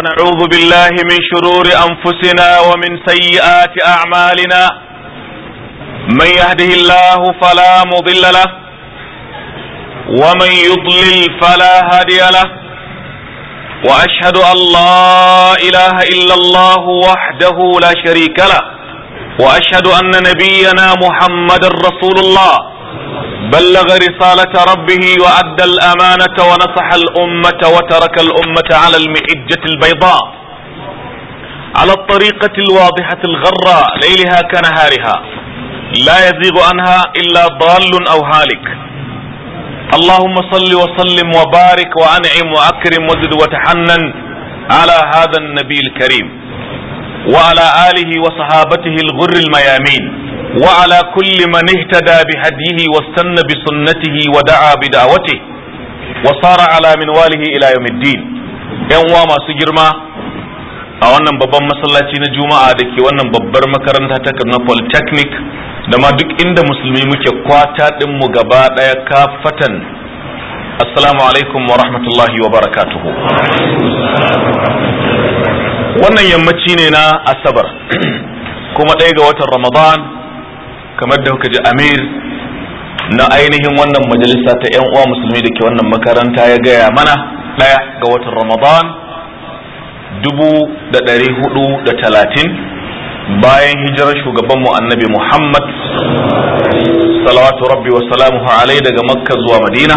ونعوذ بالله من شرور أنفسنا ومن سيئات أعمالنا من يهده الله فلا مضل له ومن يضلل فلا هادي له وأشهد أن لا إله إلا الله وحده لا شريك له وأشهد أن نبينا محمد رسول الله بلغ رسالة ربه وأدى الأمانة ونصح الأمة وترك الأمة على المحجة البيضاء على الطريقة الواضحة الغراء ليلها كنهارها لا يزيغ عنها إلا ضال أو هالك اللهم صل وسلم وبارك وأنعم وأكرم وزد وتحنن على هذا النبي الكريم وعلى آله وصحابته الغر الميامين وعلى كل من اهتدى بهديه واستنى بسنته ودعا بدعوته وصار على منواله الى يوم الدين yan uwa masu girma a wannan babban masallaci na juma'a da ke wannan babbar makaranta ta na polytechnic da ma duk inda musulmi muke kwata mu gaba daya kafatan assalamu alaikum wa rahmatullahi wa barakatuhu wannan yammaci ne na asabar kuma ɗaya ga watan ramadan kamar da kuka ji amir na ainihin wannan majalisa ta yan uwa musulmi da ke wannan makaranta ya gaya mana ɗaya ga watan ramadan dubu da ɗari hudu da talatin bayan hijirar shugaban mu annabi muhammad salawatu rabbi wa salamuhu alai daga makka zuwa madina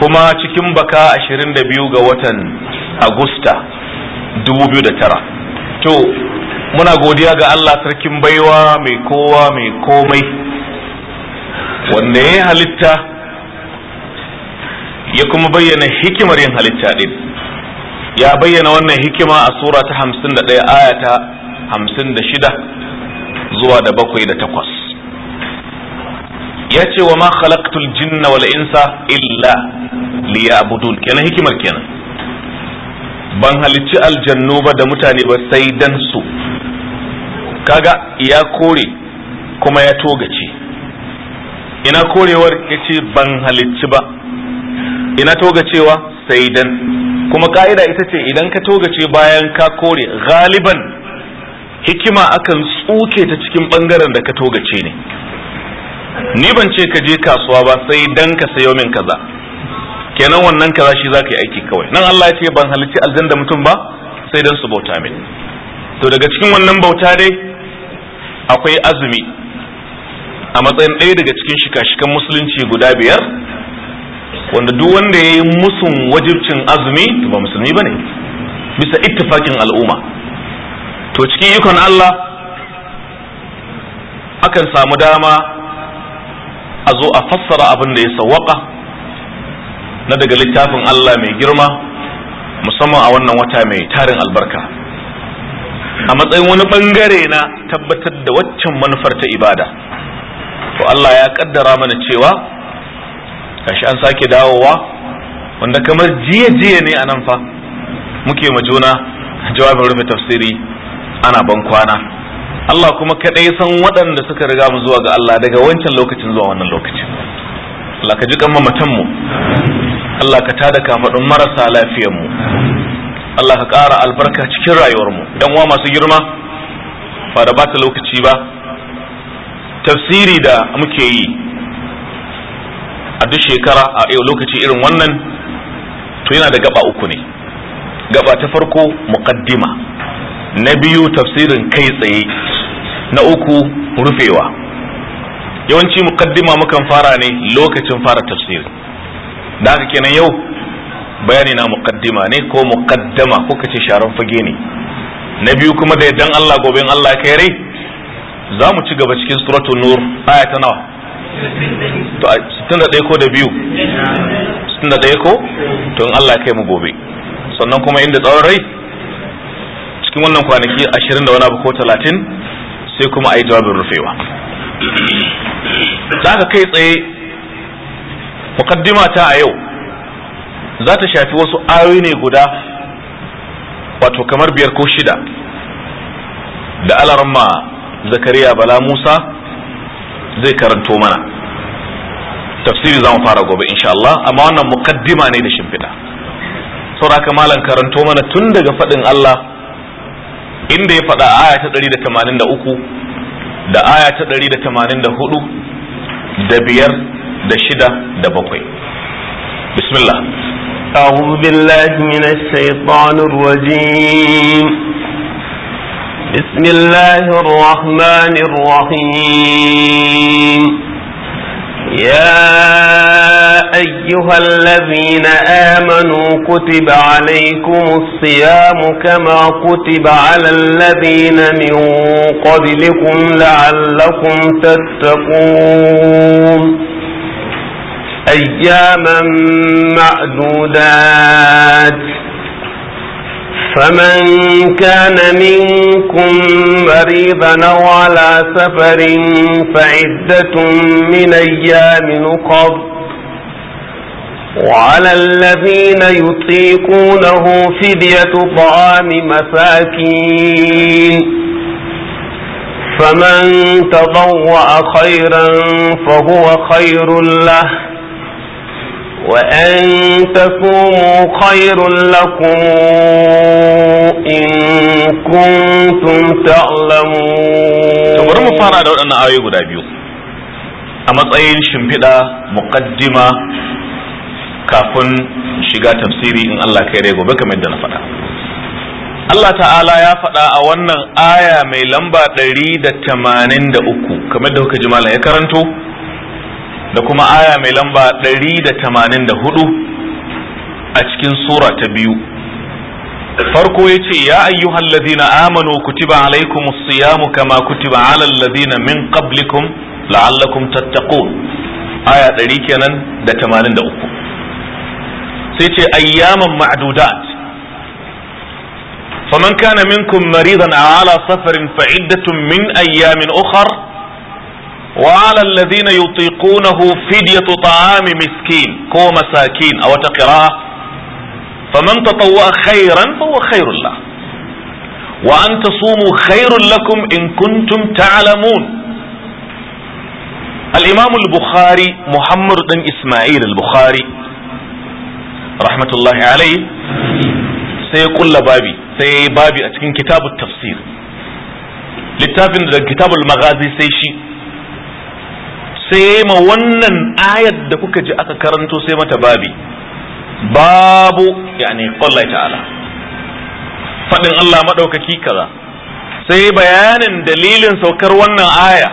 kuma cikin baka ashirin da biyu ga watan agusta dubu biyu da tara to muna godiya ga Allah sarkin baiwa mai kowa mai komai wanda ya halitta ya kuma bayyana hikimar yin halitta din ya bayyana wannan hikima a sura ta ayata hamsin da 56 zuwa da bakwai da takwas ya ce wa ma khalaqtul jinna wal insa illa liya'budun kenan hikimar kenan ban halicci aljannu ba da mutane ba sai dan su kaga ya kore kuma ya togace ina korewar ya ce ban halicci ba ina togacewa sai dan kuma ka'ida ita ce idan ka togace bayan ka kore galiban hikima akan tsuke ta cikin bangaren da ka togace ne ni ban ce ka je kasuwa ba sai dan ka sayo min kaza kenan wannan kaza shi za ka yi aiki kawai nan Allah ya ce ban halicci aljanda mutum ba sai dan su bauta min to daga cikin wannan bauta dai akwai azumi a matsayin ɗaya daga cikin shika-shikan musulunci guda biyar wanda duk wanda ya yi musu wajibcin azumi to ba musulmi ba ne bisa ittifakin al'umma to cikin ikon Allah akan samu dama a zo a fassara abin da ya sawaka na daga littafin Allah mai girma musamman a wannan wata mai tarin albarka a matsayin wani bangare na tabbatar da waccan manufar ta ibada to Allah ya kaddara mana cewa gashi an sake dawowa wanda kamar jiye jiye ne a nan fa muke ma juna jawabin rufe tafsiri ana ban kwana Allah kuma kaɗai san waɗanda suka riga mu zuwa ga Allah daga wancan lokacin zuwa wannan lokacin Allah ka ji kan mu Allah ka tada kafaɗin marasa lafiyar mu Allah ka ƙara albarka cikin rayuwarmu Dan uwa masu girma ba da bata lokaci ba tafsiri da muke yi a duk shekara a yau lokaci irin wannan to yana da gaba uku ne gaba ta farko muqaddima na biyu tafsirin kai tsaye na uku rufewa yawanci muqaddima mukan fara ne lokacin fara tafsiri da haka kenan yau bayani na mukaddima ne ko mukaddama ko kace sharan fage ne na biyu kuma da yaddan Allah gobe in Allah kai rai za mu ci gaba cikin suratul nur aya ta nawa to 61 ko da biyu 61 ko to in Allah kai mu gobe sannan kuma inda tsawon rai cikin wannan kwanaki 20 da wani abu ko 30 sai kuma a yi jawabin rufewa da ka kai tsaye mukaddima ta a yau za ta shafi wasu ayoyi ne guda wato kamar biyar ko shida da alarma zakariya bala musa zai karanto mana tafsiri za mu fara gobe insha Allah amma wannan mukaddima ne da shimfiɗa sauraka malam karanto mana tun daga faɗin Allah inda ya faɗa aya ta 183 da aya ta 184 da biyar da shida da bakwai bismillah أعوذ بالله من الشيطان الرجيم بسم الله الرحمن الرحيم يا أيها الذين آمنوا كتب عليكم الصيام كما كتب على الذين من قبلكم لعلكم تتقون أياما معدودات فمن كان منكم مريضا أو على سفر فعدة من أيام نقض وعلى الذين يطيقونه فدية طعام مساكين فمن تضوع خيرا فهو خير له وأن تكونوا خير لكم إن كنتم تعلمون تقول مفارا دور أن آيه قد أبيو أما تأيين شمبدا مقدمة كافن shiga تفسيري إن الله kai rai مدنا فتا Allah ta'ala ya faɗa a wannan aya mai lamba 183 kamar da kuka ji malam ya karanto da kuma aya mai lamba 184 a cikin sura ta biyu farko ya ce ya ayyuhan ladina amanu kutiba alaikum siyamu kama kutiba alal ladina min qablikum la'allakum tattaqun aya 100 kenan da 83 sai ce ayyaman ma'dudat faman kana minkum maridan ala safarin fa'iddatun min ayyamin ukhra وعلى الذين يطيقونه فدية طعام مسكين كو مساكين أو تقراء فمن تطوع خيرا فهو خير له وأن تصوموا خير لكم إن كنتم تعلمون الإمام البخاري محمد بن إسماعيل البخاري رحمة الله عليه سيقول بابي سي بابي أتكين كتاب التفسير للتافن كتاب المغازي سيشي sai ma wannan ayar da kuka ji aka karanto sai mata babi babu yani qallahi ta'ala fadin Allah madaukaki kaza sai bayanin dalilin saukar wannan aya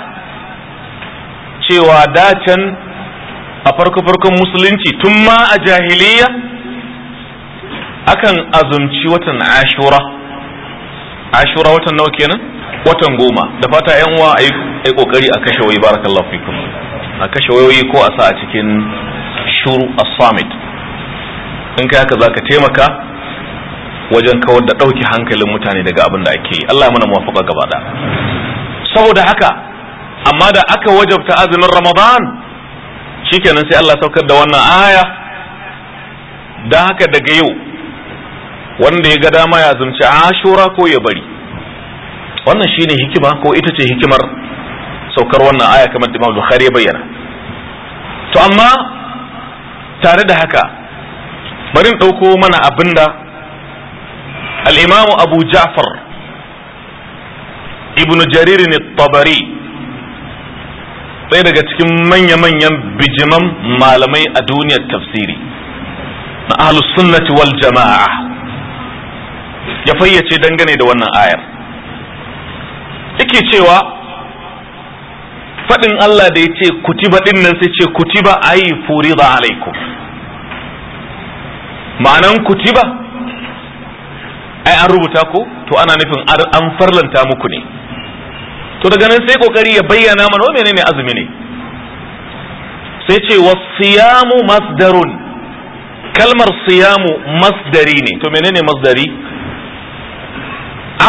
cewa can a farko-farkon musulunci tun ma a jahiliya akan azumci watan ashura ashura watan nawa kenan watan goma da fata yan uwa a yi kokari a kashe wayoyi barakallahu fikum a kashe wayoyi ko a sa a cikin shuru a summit in kai haka zaka taimaka wajen kawar da ɗauki hankalin mutane daga abin da ake yi Allah ya mana muwafaqa gaba da saboda haka amma da aka wajabta azumin ramadan shikenan sai Allah saukar da wannan aya da haka daga yau wanda ya ga dama ya zumci ashura ko ya bari wannan shine hikima ko ita ce hikimar saukar wannan aya kamar da Imam Bukhari ya bayyana to amma tare da haka bari in ɗauko mana abinda al-Imam Abu Ja'far Ibn Jariri ne ɗaya daga cikin manya-manyan bijiman malamai a duniyar tafsiri na ahlus sunnati wal jama'a ya fayyace dangane da wannan ayar yake cewa faɗin Allah da ya ce kutiba ɗin nan sai ce kutiba furi furida alaikum ma'anan kutiba ai an rubuta ko to ana nufin an farlanta muku ne to daga nan sai kokari ya bayyana mana wa menene azumi ne sai ce wasiyamu masdarun kalmar siyamu masdari ne to menene masdari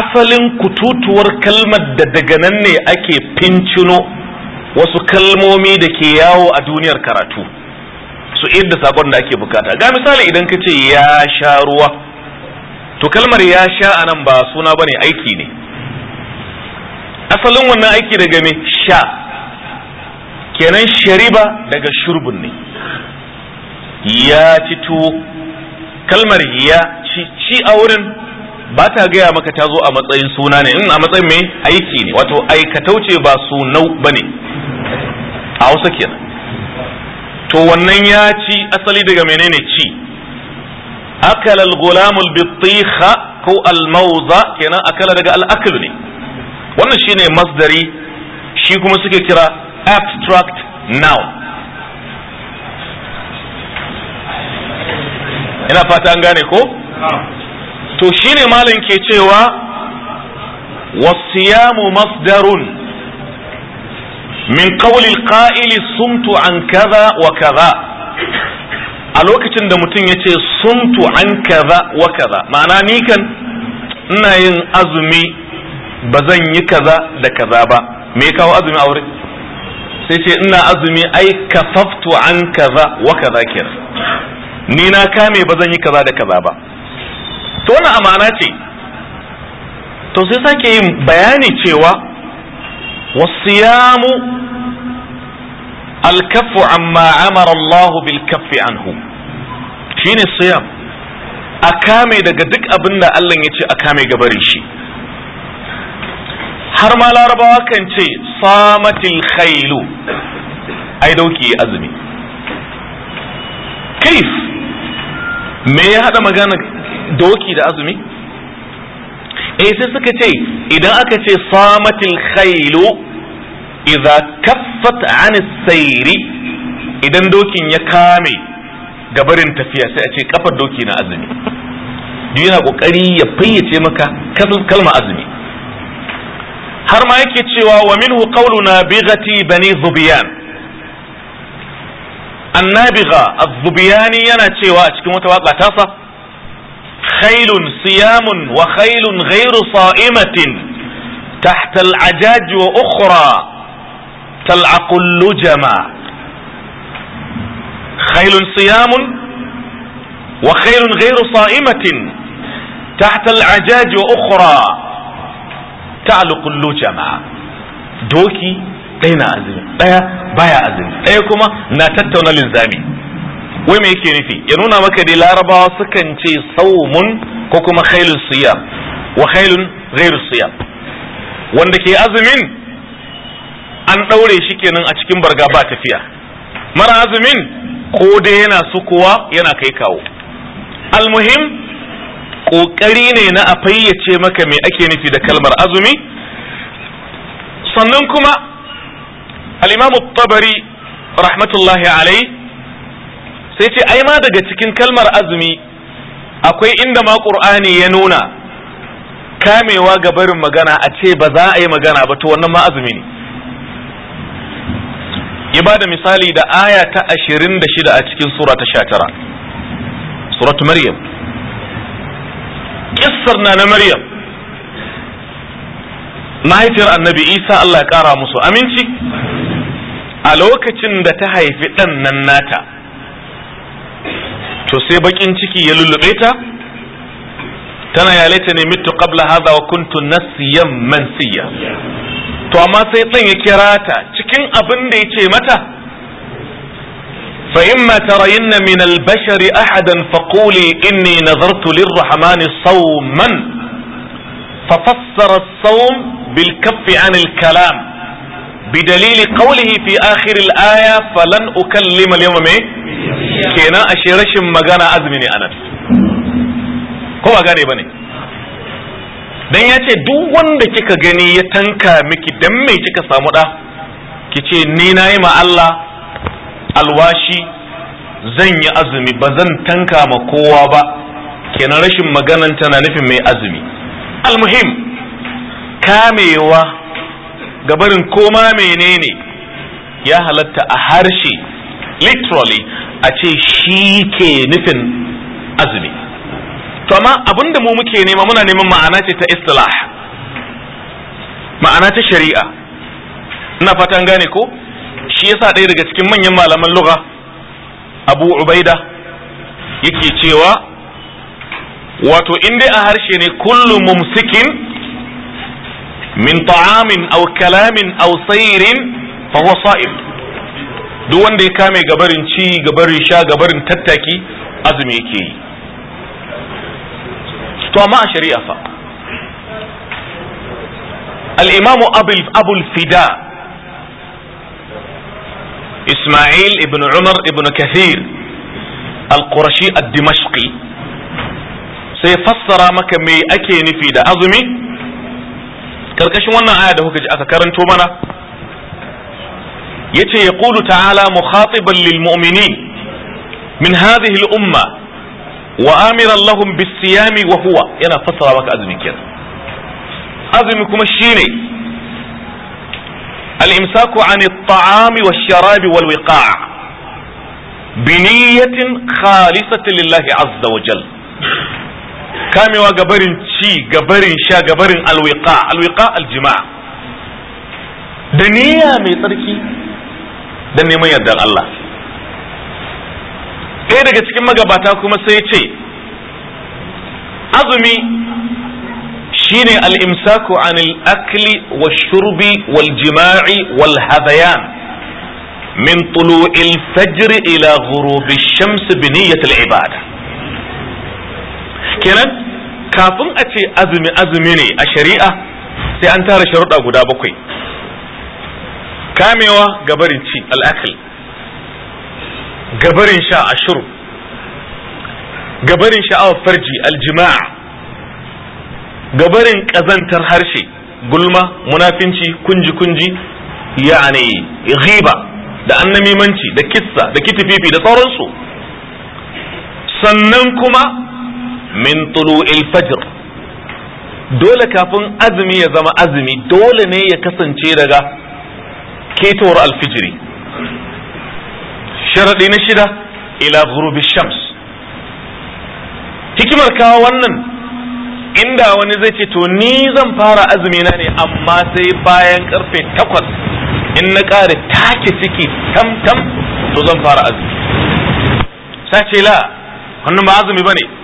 asalin kututuwar kalmar da daga nan ne ake fincino wasu kalmomi da ke yawo a duniyar karatu su da sakon da ake bukata ga misali idan ka ce ya sha ruwa to kalmar ya sha a nan ba suna ba ne aiki ne asalin wannan aiki daga me sha kenan shariba daga shurbin ne ya ci tuwo kalmar ya ci a wurin ba ta gaya maka ta zo a matsayin suna ne in a matsayin mai aiki ne wato aikatauce ba sunau ba ne a hausa kenan to wannan ya ci asali daga menene ci akal al-gulam al ko al-mawza kenan akala daga al-akl ne wannan shine masdari shi kuma suke kira abstract noun ina fata an gane ko to shine malam ke cewa wasiyamu masdarun min qawli alqa'ili sumtu an kaza wa kaza a lokacin da mutum ya ce sumtu an kaza wa kaza ma'ana ni kan ina yin azumi ba zan yi kaza da kaza ba me ya kawo azumi a wurin sai ce ina azumi ai kafaftu an kaza wa kaza kenan ni na kame ba zan yi kaza da kaza ba Tona wannan amana ce to sai sake yin bayani cewa wasiyamu alkaffu amma amara Allah bil kaff anhu shine siyam akame daga duk abinda da Allah ya ce akame ga shi har ma larabawa kan ce samatil khailu ai dauki azmi kai me ya hada magana doki da azumi eh sai suka ce idan aka ce samatil khailu idza kaffat an sayri idan dokin ya kame gabarin tafiya sai a ce kafar doki na azumi duk yana kokari ya fayyace maka kalma azumi har ma yake cewa wa minhu qawluna bighati bani zubiyan annabiga az-zubiyani yana cewa a cikin wata waka tasa خيل صيام وخيل غير صائمة تحت العجاج وأخرى تلعق اللجما خيل صيام وخيل غير صائمة تحت العجاج وأخرى تعلق اللجما دوكي ɗaya أزمي azumi بايا أزمي azumi ɗaya kuma na wai me yake nufi ya nuna maka dai larabawa sukan ce saumun ko kuma khailun siyam wa khailun ghairu siyam wanda ke azumin an daure shi kenan a cikin barga ba tafiya mara azumin ko dai yana sukuwa yana kai kawo almuhim kokari ne na a fayyace maka me ake nufi da kalmar azumi sannan kuma al-imamu tabari rahmatullahi alai sai ce ai ma daga cikin kalmar azumi akwai inda ma qur'ani ya nuna kamewa ga barin magana a ce ba za a yi magana ba to wannan ma azumi ne ya ba misali da aya ta ashirin da a cikin sura ta sha tara suratu maryam kissar na na maryam mahaifiyar annabi isa allah ya kara musu aminci a lokacin da ta haifi ɗan nan nata to sai bakin ciki ya lullube ta tana ya laita ne mitu qabla hadha wa kuntu nasiyan mansiya to amma sai dan ya kira ta cikin abin da yace mata fa imma tarayinna min al-bashari ahadan faquli inni nadartu lir-rahmani sawman ففسر الصوم بالكف عن الكلام بدليل قوله fi آخر الآية aya falan اليوم al-yawma me kenan ashe rashin magana azumi ne dan ya ce duk wanda kika gani ya tanka miki dan mai kika samu da ki ce ni nayi ma Allah alwashi zan yi azumi ba zan tanka ma kowa ba kenan rashin maganan tana nufin mai azumi almuhim kamewa gabarin koma menene ya halatta a harshe literally a ce shi ke nufin azumi to amma abinda mu muke nema muna neman ma'ana ce ta istilah ma'ana ta shari'a ina fatan gane ko shi yasa ɗaya daga cikin manyan malaman lugha abu ubaida yake cewa wato in dai a harshe ne kullu mumsikin min ta'amin aw kalamin aw sayrin fa huwa sa'im duk wanda ya kame gabarin ci gabarin sha gabarin tattaki azumi yake yi to amma a shari'a fa al-imam abul isma'il ibn umar ibn kathir al-qurashi ad sai fassara maka me ake nufi da azumi karkashin wannan aya da kuka ji aka karanto mana yace yaqulu ta'ala mukhatiban lil mu'minin min hadhihi al umma wa amiran lahum bis siyami wa huwa yana fassara maka azumi kenan azumi kuma shine al imsaku an at-ta'ami wash-sharabi wal-wiqa' بنية خالصة لله عز وجل kamewa gabarin ci gabarin sha gabarin alwiqa alwiqa aljima'a da niyya mai tsarki da neman yardar Allah ɗaya daga cikin magabata kuma sai ce azumi shine al-imsaku anil akli wa shurbi wal jima'i wal hadayan min tulu'il fajr ila ghurubi shams bi niyyatil ibada kenan kafin a ce azumi azumi ne a shari'a sai an tara sharuɗa guda bakwai kamewa gabarin ci al'akal gabarin sha shuru. gabarin sha'awar farji aljima'a gabarin ƙazantar harshe gulma munafinci kunji-kunji ya'ani riba, da annamimanci da kissa da kitififi da sauransu sannan kuma min tulu'il fajr dole kafin azumi ya zama azumi dole ne ya kasance daga ketowar alfijiri Sharaɗi na shida ila gurubi shams hikimar kawo wannan inda wani zai ce to ni zan fara azumi na ne amma sai bayan karfe takwas in na ƙare take ciki tam tam to zan fara azumi sace la wannan ba azumi ba ne.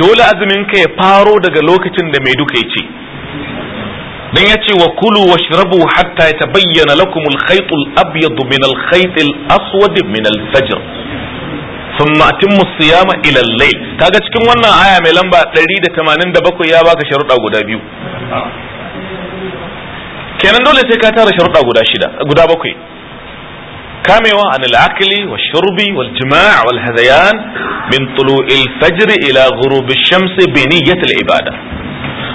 dole azumin ka ya faro daga lokacin da mai duka ya ce dan ya ce wa kulu wa shrabu hatta ya tabayyana lakum al-khayt al-abyad min al-khayt al-aswad min al thumma atimmu siyama ila al-layl kaga cikin wannan aya mai lamba 187 ya baka sharuɗa guda biyu kenan dole sai ka tara sharuɗa guda shida guda bakwai كاموا عن الأكل والشرب والجماع والهذيان من طلوع الفجر إلى غروب الشمس بنية العبادة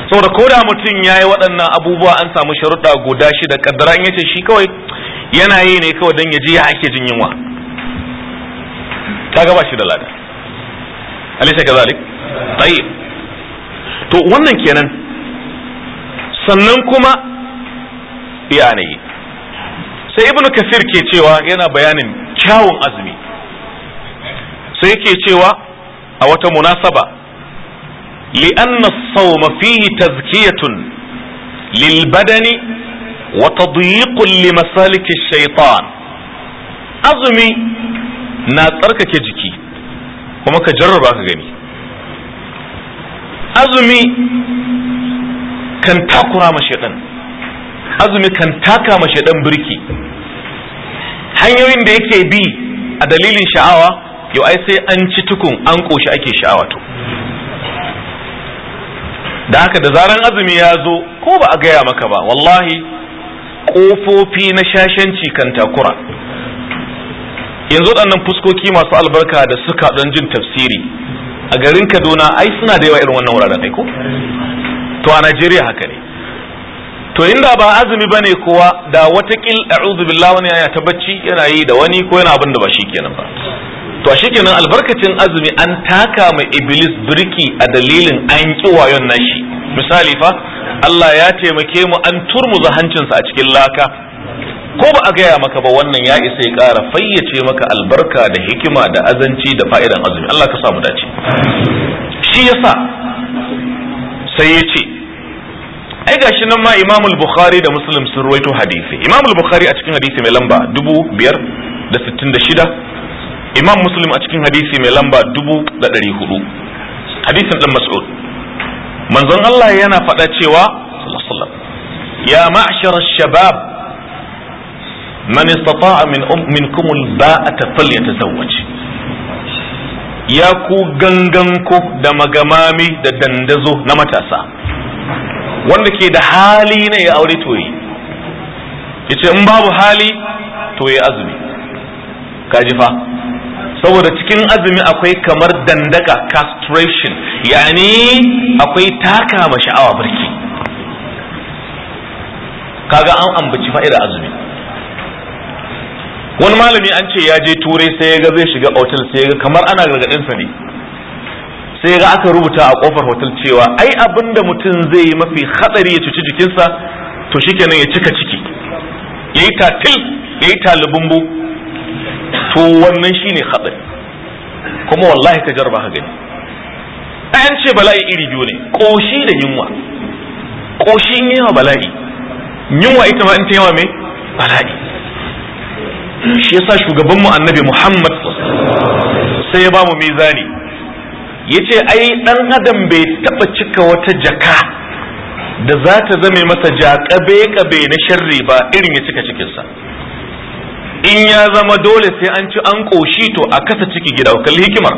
saboda ko da mutum ya yi waɗannan abubuwa an samu sharuɗa guda shida kaddara an yace shi kawai yana yi ne kawai don ya ji ya ake jin yunwa ta gaba shi da lada alisa ka zalik tayyib to wannan kenan sannan kuma iya ne sai ibn kasir ke cewa yana bayanin kyawun azumi sai ke cewa a wata munasaba li mafihi sawma fihi tazkiyatun lil badani wa tadyiqun li masaliki shaytan azumi na tsarkake jiki kuma ka jarraba ka gani azumi kan takura ma shaytan azumi kan taka mashe ɗan birki hanyoyin da yake bi a dalilin sha'awa yau ai sai an ci tukun an koshi ake sha'awa to da haka da zaran azumi ya zo ko ba a gaya maka ba wallahi kofofi na shashanci kan takura yanzu waɗannan fuskoki masu albarka da suka don jin tafsiri a garin kaduna ai suna da yawa irin wannan wuraren aiko to a najeriya haka ne to inda ba azumi bane kowa da watakil a'udhu billahi wani ta bacci yana yi da wani ko yana abin da ba shikenan ba to shikenan albarkacin azumi an taka mai iblis birki a dalilin an ki wayon nashi misali fa Allah ya taimake mu an turmuza hancinsa a cikin laka ko ba a gaya maka ba wannan ya isa ya ƙara fayyace maka albarka da hikima da azanci da fa'idan azumi Allah ka samu dace shi yasa sai ya ce ai gashi nan ma Imam al-Bukhari da Muslim sun ruwaito hadisi Imam al-Bukhari a cikin hadisi mai lamba 566 Imam Muslim a cikin hadisi mai lamba 1400 hadisin dan Mas'ud manzon Allah yana faɗa cewa ya ma'shar shabab man istata'a min um, minkum ta baata falyatazawwaj ya ku ganganku da magamami da dandazo na matasa wanda ke da hali na ya aure to yi yace in babu hali to azumi kaji fa saboda cikin azumi akwai kamar dandaka castration yani akwai taka ma sha'awa barki kaga an ambaci fa'ida azumi wani malami an ce ya je turai sai ya ga zai shiga otal sai ya ga kamar ana gargadin sa ne sai ga aka rubuta a kofar hotel cewa ai abinda mutum zai yi mafi hatsari ya cuci jikinsa to shikenan ya cika ciki ya yi tatil ya yayi talibumbu to wannan shi ne hatsari kuma wallahi ka jarba ka gani an ce bala'i iri biyu ne koshi da yunwa koshi in yawa bala'i yunwa ita ma in ta yawa me bala'i shi yasa shugaban mu annabi Muhammad sai ya ba mu mizani Ya yace ai ɗan adam bai taɓa cika wata jaka da za ta zame masa jaƙabe ƙabe na sharri ba irin ya cika cikinsa in ya zama dole sai an ci an ƙoshi to a kasa ciki gida kalli hikimar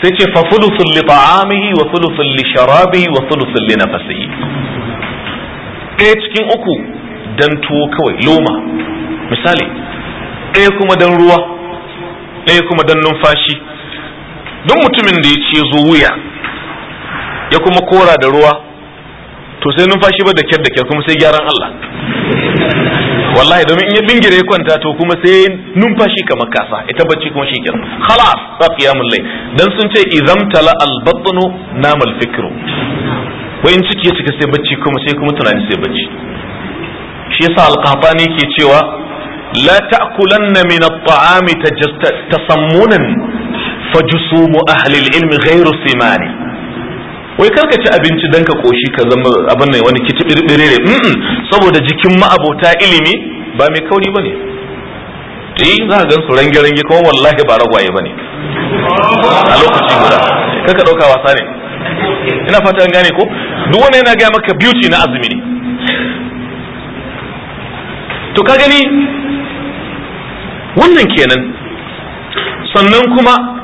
sai ce fa sulli ta'amihi wa sulusun sulli sharabihi wa sulli na nafasihi ɗaya cikin uku don tuwo kawai loma misali ɗaya kuma dan ruwa ɗaya kuma don numfashi duk mutumin da ya ce zo wuya ya kuma kora da ruwa to sai numfashi ba da kyar da kyar kuma sai gyaran Allah wallahi domin in ya bingire ya kwanta to kuma sai numfashi kamar kasa ita bacci kuma shi kyar khalas ta qiyamul layl dan sun ce idzam tala al batnu namal fikru in ciki ya cika sai bacci kuma sai kuma tunani sai bacci shi yasa al-qahtani ke cewa la ta'kulanna min at-ta'ami tasammunan fajusumu ahli ilmi ghairu simani wai karka ci abinci dan ka koshi ka zama abin nan wani kitibirbirere saboda jikin ma'abota ilimi ba mai kauri bane eh za ka gansu range range kuma wallahi ba ragwaye bane a lokaci guda kaka dauka wasa ne ina fata an gane ko duk wanda yana ga maka beauty na azumi ne to ka gani wannan kenan sannan kuma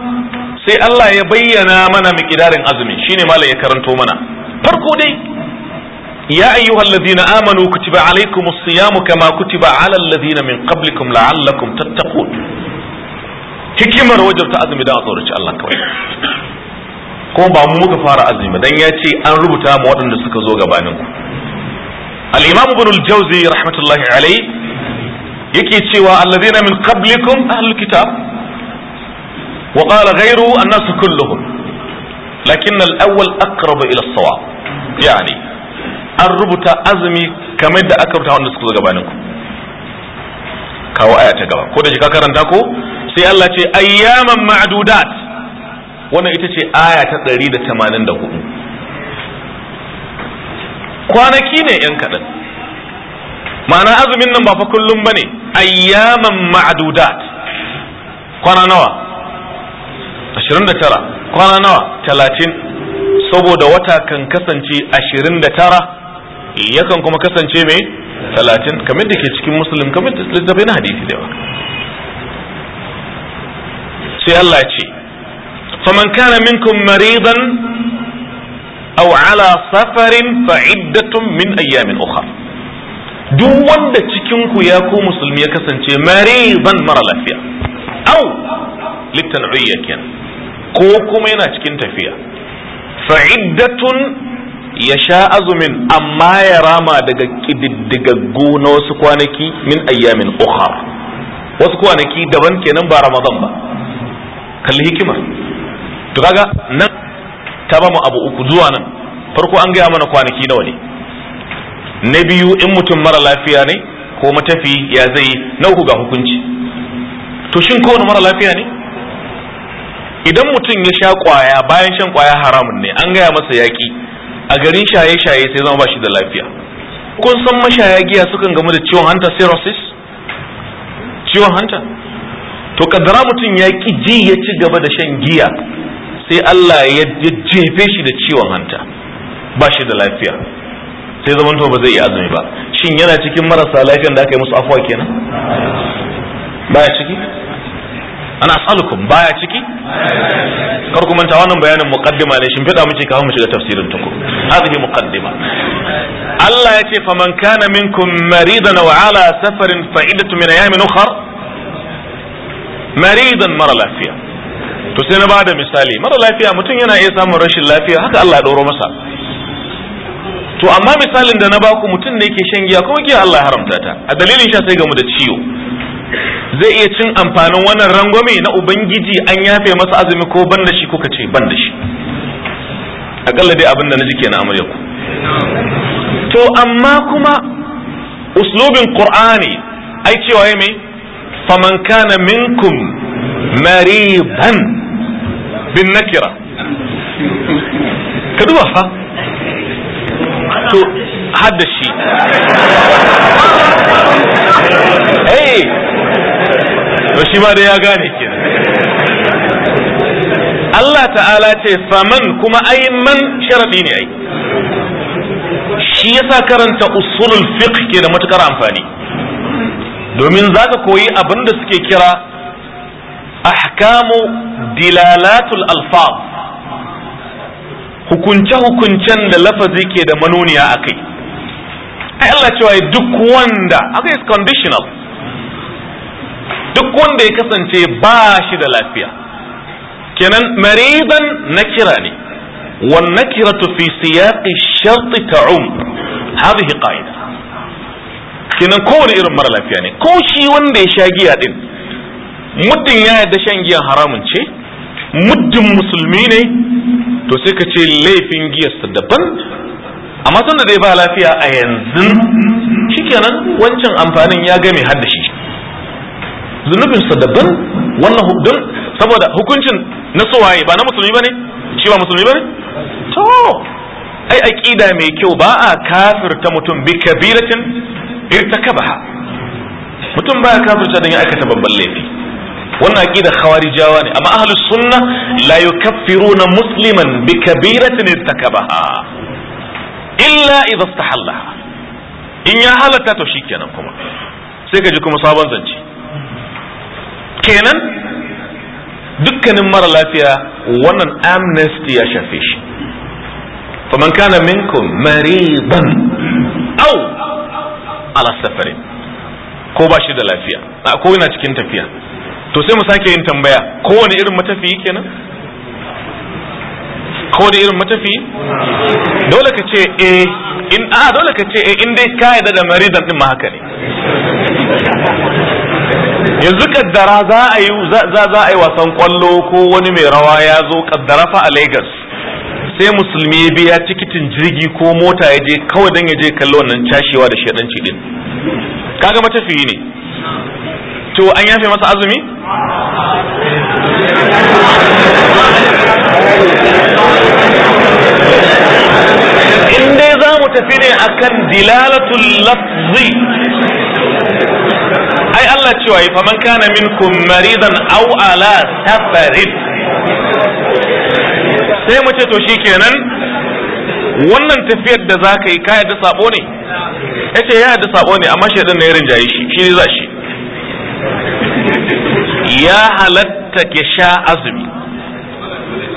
sai Allah ya bayyana mana miƙidarin azumi shine mala ya karanto mana farko dai ya ayyuhal ladina amanu kutiba alaikumus siyamu kama kutiba alal min qablikum la'allakum tattaqun hikimar wajarta azumi da a Allah kawai kuma ba mu muka fara azumi dan ya ce an rubuta mu waɗanda suka zo gabanin ku al-imam ibn al-jawzi rahmatullahi alayhi yake cewa alladhina min qablikum ahlul kitab وقال غيره الناس كلهم لكن الأول أقرب إلى الصواب يعني الربط أزمي كما يدى أكبر عن نسكو زقبانكم kawo aya ta gaba ko da shi ka karanta ko sai Allah ce ayyaman ma'dudat wannan ita ce aya ta 184 kwanaki ne yan kaɗan ma'ana azumin nan ba fa kullum bane ayyaman ma'dudat kwana nawa 29 kwana nawa 30 saboda wata kan kasance 29 yakan kuma kasance mai 30 kamar da ke cikin musulun kamar da littafai na hadisi da yawa sai Allah ce faman kana minkum maridan aw ala safarin fa iddatun min ayyamin ukhra duk wanda cikin ku ya ku musulmi ya kasance maridan mara lafiya au littan'uyya kenan ko kuma yana cikin tafiya fa'iddatun ya sha azumin amma ya rama daga ƙididdigaggu na wasu kwanaki min ukhar wasu kwanaki daban kenan ba ramadan ba kalli hikima to kaga nan ta ba mu abu uku zuwa nan farko an gaya mana kwanaki nawa ne na biyu in mutum mara lafiya ne ko matafi ya zai nauku ga hukunci to shin kowane mara lafiya ne idan mutum ya sha kwaya bayan shan kwaya haramun ne an gaya masa yaƙi a garin shaye-shaye sai zama bashi da lafiya kun san mashaya giya sukan gamu da ciwon hanta cirrhosis ciwon hanta to kaddara mutum ya ki ji ya ci gaba da shan giya sai Allah ya jefe shi da ciwon hanta ba shi da lafiya sai zaman to ba zai yi azumi ba shin yana cikin marasa lafiyan da aka yi musu afuwa kenan ya ciki ana asalukum baya ciki kar ku manta wannan bayanin muqaddima ne shin fida muke kawo mu shiga tafsirin tuku hadhihi muqaddima Allah ya ce faman kana minkum maridan aw ala safarin fa'idatu min ayamin ukhra maridan mara lafiya to sai na bada misali mara lafiya mutum yana iya samun rashin lafiya haka Allah ya doro masa to amma misalin da na baku mutum ne ke shan giya kuma giya Allah ya haramta ta a dalilin sha sai gamu da ciwo zai iya cin amfanin wannan rangwame na ubangiji an yafe masa azumi ko ban da shi kuka ce ban da shi akalla dai abin da na ji kenan amarya ku to amma kuma uslubin qur'ani ai cewa yayi mai faman kana minkum mariban bin nakira ka duba fa to haddashi. eh to shi ma da ya gane kenan Allah ta'ala ce faman kuma ai man sharadi ne ai shi yasa karanta usulul fiqh ke da matukar amfani domin zaka koyi abin da suke kira ahkamu dilalatul alfaz hukunce-hukuncen da lafazi ke da manuniya a kai Allah cewa duk wanda haka is conditional duk wanda ya kasance ba shi da lafiya kenan maridan nakira ne wan nakiratu fi siyaqi shart ta'um hadhihi qa'ida kenan kowane irin mara lafiya ne ko shi wanda ya sha giya din muddin ya yarda shan giya haramun ce muddin musulmi ne to sai ka ce laifin giyarsa daban amma tunda dai ba lafiya a yanzu shikenan wancan amfanin ya gami har sa daban wannan don saboda hukuncin na suwaye ba na musulmi bane shi ba musulmi bane to ai aqida mai kyau ba a kafirta mutum bi kabiratin irtakabaha mutum ba ya kafirta dan ya aikata babban laifi wannan aqida khawarijawa ne amma ahlus sunna la yukaffiruna musliman bi kabiratin irtakabaha illa idha in ya halatta to shikenan kuma sai ka ji kuma sabon zance kenan dukkanin mara lafiya wannan amnesty ya shafe shi faman kana minkum mariban au ala safari ko ba shi da lafiya a ko yana cikin tafiya to sai mu sake yin tambaya kowane irin matafiyi kenan ko da irin matafi dole ka ce eh in a dole ka ce eh in dai ka yi da maridan din ma haka ne yanzu kaddara za a yi za a yi wasan kwallo ko wani mai rawa ya zo kaddara fa a Lagos sai musulmi ya biya tikitin jirgi ko mota ya je kawai dan ya je kallo nan cashewa da shedanci din kaga matafi ne to an yafe masa azumi in dai za mu tafi ne akan dilalatul lafzi ai Allah cewa yi faman kana minkum maridan aw ala safarin sai mu ce to shi kenan wannan tafiyar da za ka yi ka yadda sabo ne ya ce ya yadda sabo ne amma shaidan na yarin jaye shi shi ne za shi ya halatta ke sha azumi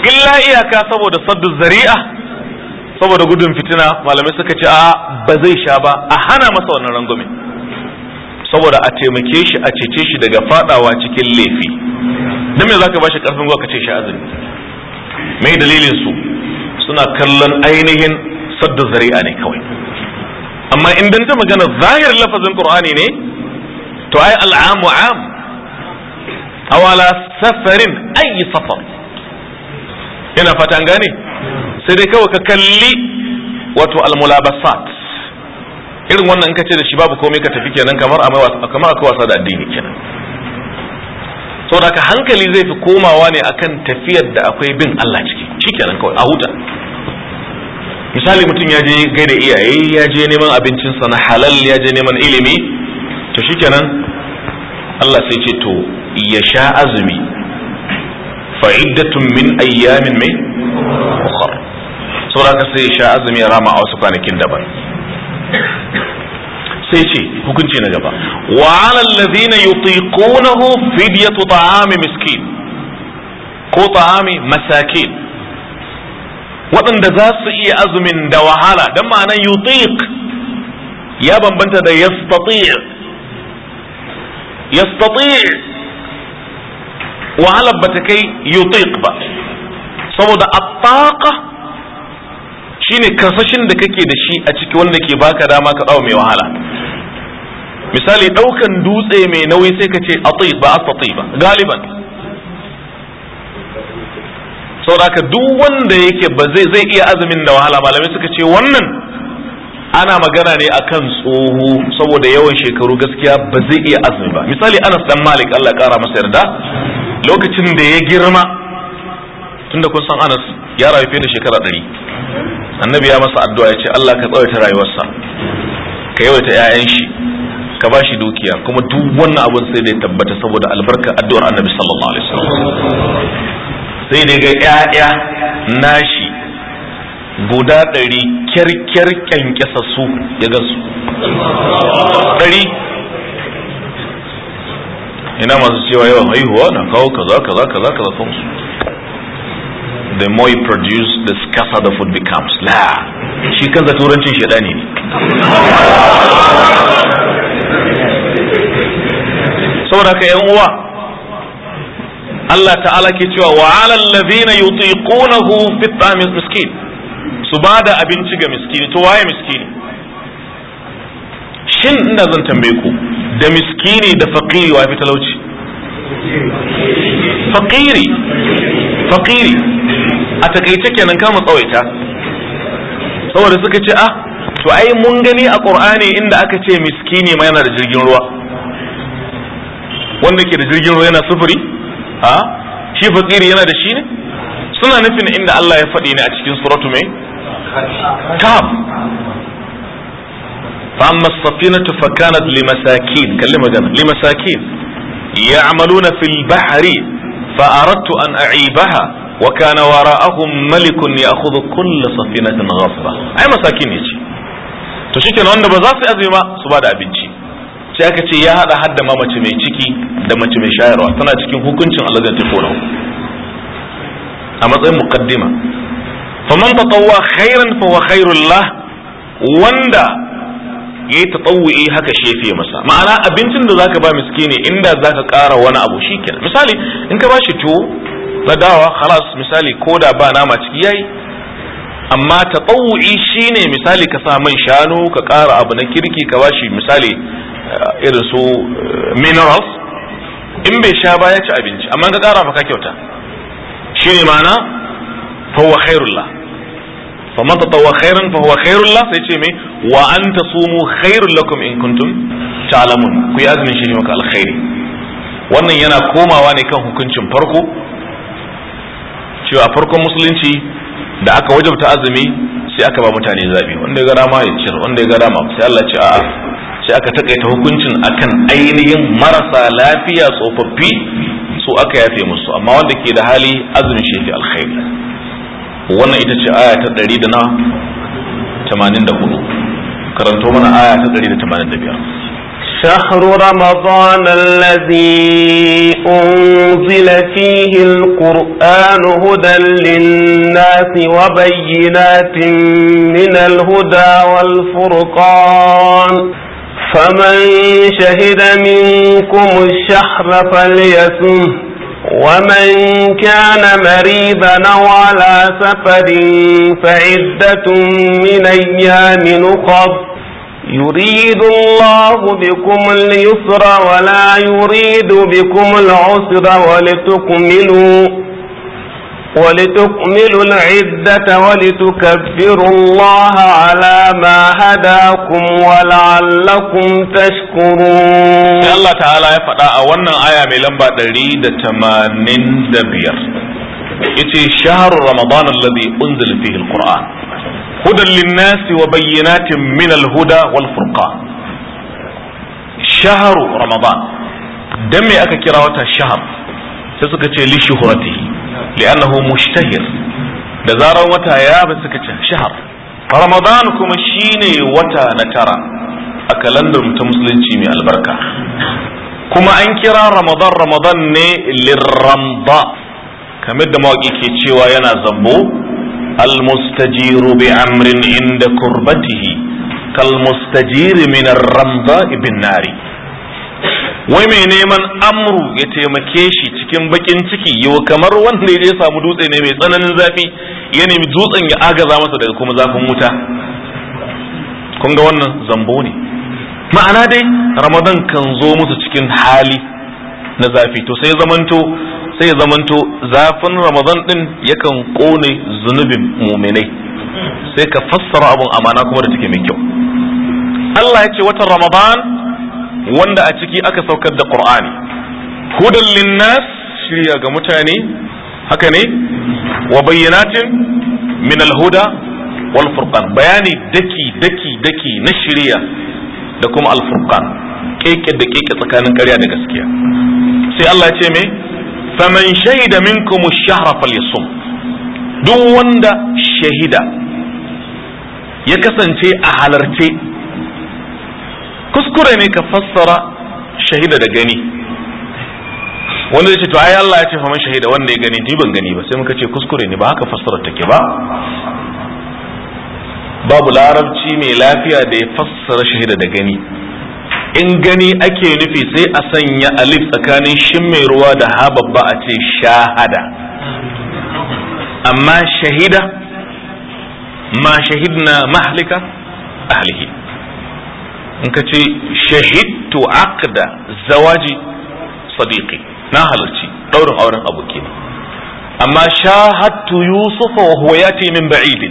gilla iyaka saboda saddu zari'a saboda gudun fitina malamai suka ce a ba zai sha ba a hana masa wannan rangume saboda a taimake shi a cece shi daga fadawa cikin laifi dan me zaka bashi karfin gwa ka ce shi azumi me dalilin su suna kallon ainihin saddu zari'a ne kawai amma in dan ta magana zahirin lafazin qur'ani ne to ai al'amu am awala safarin ayi safar Yana fatan gane sai dai kawai ka kalli wato almulabasat irin wannan in ka ce da shi babu komai ka tafi kenan kamar kamar akwai wasa da addini kenan da ka hankali zai fi komawa ne akan tafiyar da akwai bin Allah ciki shi kenan kawai a huta misali mutum ya je gaida iyaye ya je neman abincinsa na halal ya je neman ilimi to shi kenan Allah sai ce to ya sha azumi fa min ayyamin mai ukhra ka sai sha azumin rama a wasu kwanakin daban sai ce hukunci na gaba wa alal ladina yutiqunahu fidyatu ta'ami miskin ko ta'ami masakin waɗanda za su iya azumin da wahala dan ma'anan yutiq ya bambanta da yastati' yastati' wahalar ba ta kai yutiq ba saboda attaqa shine kasashin da kake da shi a ciki wanda ke baka dama ka tsawo mai wahala misali daukan dutse mai nauyi sai ka ce atiq ba astati ba galiban saboda ka duk wanda yake ba zai iya azumin da wahala malamai suka ce wannan ana magana ne akan tsoho saboda yawan shekaru gaskiya ba zai iya azumi ba misali Anas dan Malik Allah kara masa yarda lokacin da ya girma tunda kun san Anas ya rayu fiye da shekara ɗari annabi ya masa addu'a ya ce Allah ka tsawaita rayuwarsa ka yawaita 'ya'yan shi ka ba shi dukiya kuma duk wannan abun sai da ya tabbata saboda albarkar addu'ar annabi sallallahu alaihi wasallam sai da ga 'ya'ya nashi guda ɗari kyarkyar su ya gansu ɗari ina masu cewa yawan haihuwa na kawo kaza kaza kaza kaza kansu the more you produce the scarcer the food becomes la shi kansa turancin shaɗani ne saboda ka yan uwa Allah ta'ala ke cewa wa alal ladhina yutiqunahu fit'a miskin su ba da abinci ga miskini to waye miskini shin ina zan tambaye ku da miskini da fakiri wa fi talauci fakiri a takaice kenan kama tsawaita saboda suka ce ah to ai mun gani a ƙur'ani inda aka ce miskini ma yana da jirgin ruwa wanda ke da jirgin ruwa yana sufuri ha ah, shi fakiri yana da shi ne suna nufin inda Allah ya faɗi ne a cikin suratu mai kaf fa amma safinatu fa kanat limasakin kalli magana limasakin ya'maluna fil bahri fa aradtu an a'ibaha wa kana wara'ahum malikun ya'khudhu kull safinatin ghasra ai masakin ne ce to shikenan wanda ba za su azumi ba su ba da abinci sai aka ce ya hada hadda ma mace mai ciki da mace mai shayarwa tana cikin hukuncin alazanti ko a matsayin muqaddima faman tatawwa khairan fa wa khairul lah wanda yayi tatawwi haka shefe masa ma'ana abincin da zaka ba miskini inda zaka kara wani abu shikenan misali in ka bashi tuwo na dawa khalas misali koda ba nama ciki yayi amma tatawwi shine misali ka sa man shanu ka kara abu na kirki ka bashi misali eh, irin su eh, minerals in bai sha ba ya ci abinci amma ka ƙara fa ka kyauta shine ma'ana fa huwa khairullah fa man tatawwa khairan fa huwa khairullah sai ce me wa an tasumu khairul lakum in kuntum ta'lamun ku yi azumin shi ne maka alkhairi wannan yana komawa ne kan hukuncin farko cewa farkon musulunci da aka wajabta azumi sai aka ba mutane zabi wanda ya ga rama ya cire wanda ya ga rama sai Allah ce a'a sai aka takaita hukuncin akan ainihin marasa lafiya tsofaffi su aka yafe musu amma wanda ke da hali azumin shi fi alkhairi wannan ita ce aya ta da na karanto mana aya ta 185 شهر رمضان الذي أنزل فيه القرآن هدى للناس وبينات من الهدى والفرقان فمن شهد منكم الشحر فليسم ومن كان مريضا أو على سفر فعدة من أيام نقض يريد الله بكم اليسر ولا يريد بكم العسر ولتكملوا ولتكملوا العدة ولتكبروا الله على ما هداكم ولعلكم تشكرون الله تعالى يفعل أولا آية ملنبا دريدة تمانين دبير إتي شهر رمضان الذي أنزل فيه القرآن هدى للناس وبينات من الهدى والفرقان شهر رمضان دمي أكا كراوة الشهر تسكتي لشهرته لأنه مشتهر دزارة متى يا بس شهر رمضان كمشيني شيني وتا نترى أكلندر متمسلين شيمي البركة كما أنكرا رمضان رمضان ني للرمضاء كما دمواقي كيتشي وينا زبو المستجير بأمر عند كربته كالمستجير من الرمضاء بالنار wai mai neman amru ya taimake shi cikin bakin ciki yau kamar wanda ya samu dutse ne mai tsananin zafi ya nemi dutsen ya agaza masa daga kuma zafin wuta kun ga wannan zambo ne ma'ana dai ramadan kan zo musu cikin hali na zafi to sai zamanto sai zamanto zafin ramadan din yakan kone zunubin muminai sai ka fassara abun amana kuma da take mai kyau Allah ya ce watan ramadan wanda a ciki aka saukar da ƙur'ani hudan linnas shirya ga mutane haka ne wa bayyanatin min alhuda wal furqan bayani daki daki daki na shirya da kuma al furqan keke da keke tsakanin ƙarya da gaskiya sai Allah ya ce me faman shahida minkum ash-shahra falyasum duk wanda shahida ya kasance a halarce kuskure ne ka fassara shahida da gani wanda ya ce to ai Allah ya ce fa man shahida wanda ya gani ni ban gani ba sai muka ce kuskure ne ba haka fassara take ba babu larabci mai lafiya da ya fassara shahida da gani in gani ake nufi sai a sanya alif tsakanin shin mai ruwa da babba a ce shahada amma shahida ma shahidna mahlika ahlihi in ka ce shahidtu aqda zawaji sadiqi na halarci daurin auren abokina amma shahadtu yusufa wa huwa yati min ba'id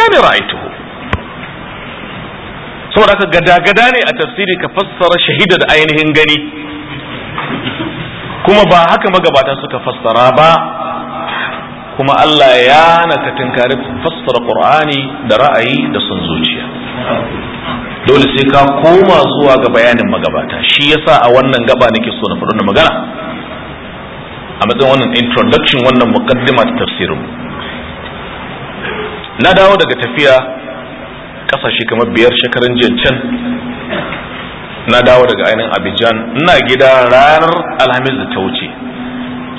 ya ni ra'aytuhu saboda ka gada-gada ne a tafsiri ka fassara shahida da ainihin gani kuma ba haka magabata suka fassara ba kuma Allah ya na ka tinkari fassara Qur'ani da ra'ayi da son zuciya dole sai ka koma zuwa ga bayanin magabata shi yasa a wannan gaba nake so na faɗo na magana a matsayin wannan introduction wannan muqaddima ta tafsirin na dawo daga tafiya kasashe kamar biyar shekaran jiya can na dawo daga ainihin Abijan. ina gida ranar alhamis da ta wuce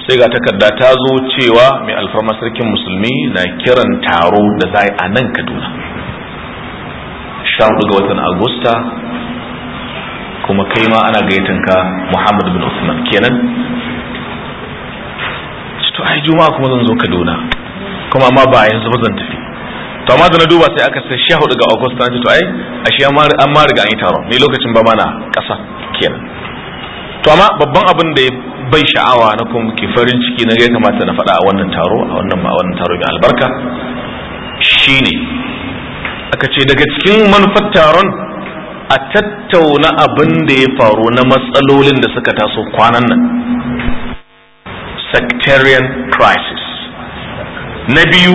sai ga takarda ta zo cewa mai alfarma sarkin musulmi na kiran taro da za a nan kaduna 14 ga watan agusta kuma kai ma ana gayyatan ka muhammad bin usman kenan to ai juma'a kuma zan zo kaduna kuma amma ba yanzu ba zan tafi to amma da na duba sai aka sai sha hudu ga agusta na to ai ashe an ma riga an yi taron ni lokacin ba mana kasa kenan to amma babban abin da ya bai sha'awa na kuma ke farin ciki na ya kamata na faɗa a wannan taro a wannan ma wannan taro mai albarka shine aka ce daga cikin manufar taron a tattauna abin da ya faru na matsalolin da suka taso kwanan nan sectarian crisis na biyu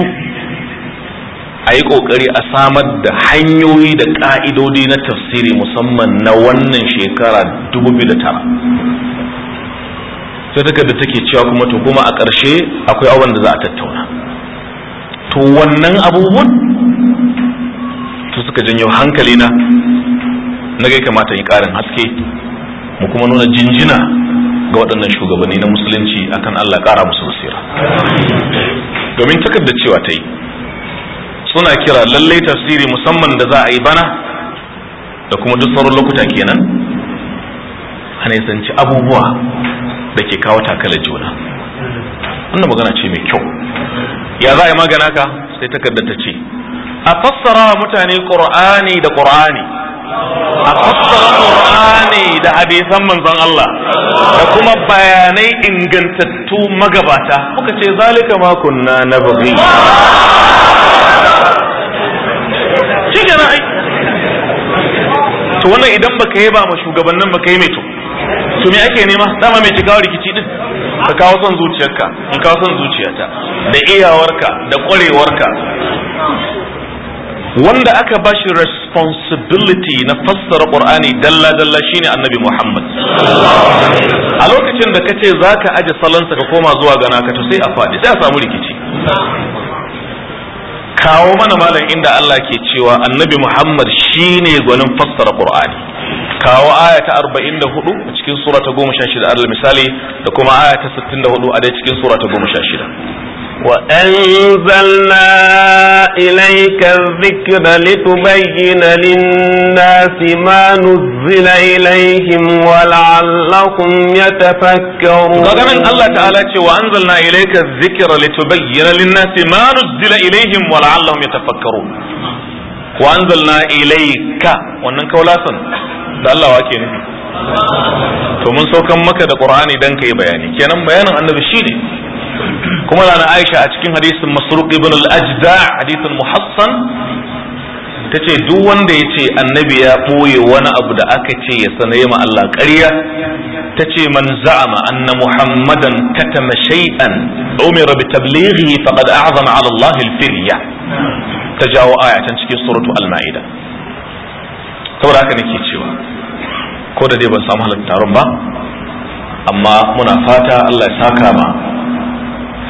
a yi ƙoƙari a samar da hanyoyi da ƙa'idodi na tafsiri musamman na wannan shekara 2009 sai take da take cewa kuma to kuma a ƙarshe akwai abin da za a tattauna to wannan abubuwan su suka janyo hankali na na gai kamata yi karin haske mu kuma nuna jinjina ga waɗannan shugabanni na musulunci akan Allah ƙara musu basira domin takardar cewa ta yi suna kira lallai tasiri musamman da za a yi bana da kuma duk sauran lokuta kenan a nisanci abubuwa da ke kawo takalar juna wannan magana ce mai kyau ya za a yi magana ka sai takardar ta ce a fassara mutane qur'ani da qur'ani a fassara qur'ani da hadisan manzon Allah da kuma bayanai ingantattu magabata muka ce zalika ma kunna nabghi shi ai to wannan idan baka yi ba ma shugabannin baka yi mai to to me ake nema dama mai cikawa rikici din ka kawo son zuciyarka in kawo son zuciyarta da iyawarka da kwarewarka wanda aka ba shi responsibility na fassara qur'ani dalla dalla shine annabi muhammad a lokacin da kace zaka aje salansa ka koma zuwa gana ka to sai a faɗi sai a samu rikici kawo mana malam inda Allah ke cewa annabi muhammad shine gwanin fassara qur'ani kawo aya ta 44 a cikin sura ta 16 alal misali da kuma aya ta 64 a cikin sura ta 16 وأنزلنا إليك الذكر لتبين للناس ما نزل إليهم ولعلهم يتفكرون من الله تعالى وأنزلنا إليك الذكر لتبين للناس ما نزل إليهم ولعلهم يتفكرون وأنزلنا إليك وأنك ولا سن ده الله واكيني to mun saukan maka da Qur'ani dan kai bayani kenan bayanin annabi shine kuma na Aisha a cikin hadisin Masruq ibn al-Ajda hadisin muhassan ta ce duk wanda ya ce annabi ya boye wani abu da aka ce ya sanaye ma Allah ƙarya ta ce man za'ama anna muhammadan katama shay'an umira bi tablighihi faqad a'zama 'ala Allah al-firya ta jawo aya can cikin suratu al-ma'ida saboda haka nake cewa ko da dai ban samu halartar taron ba amma muna fata Allah ya saka ma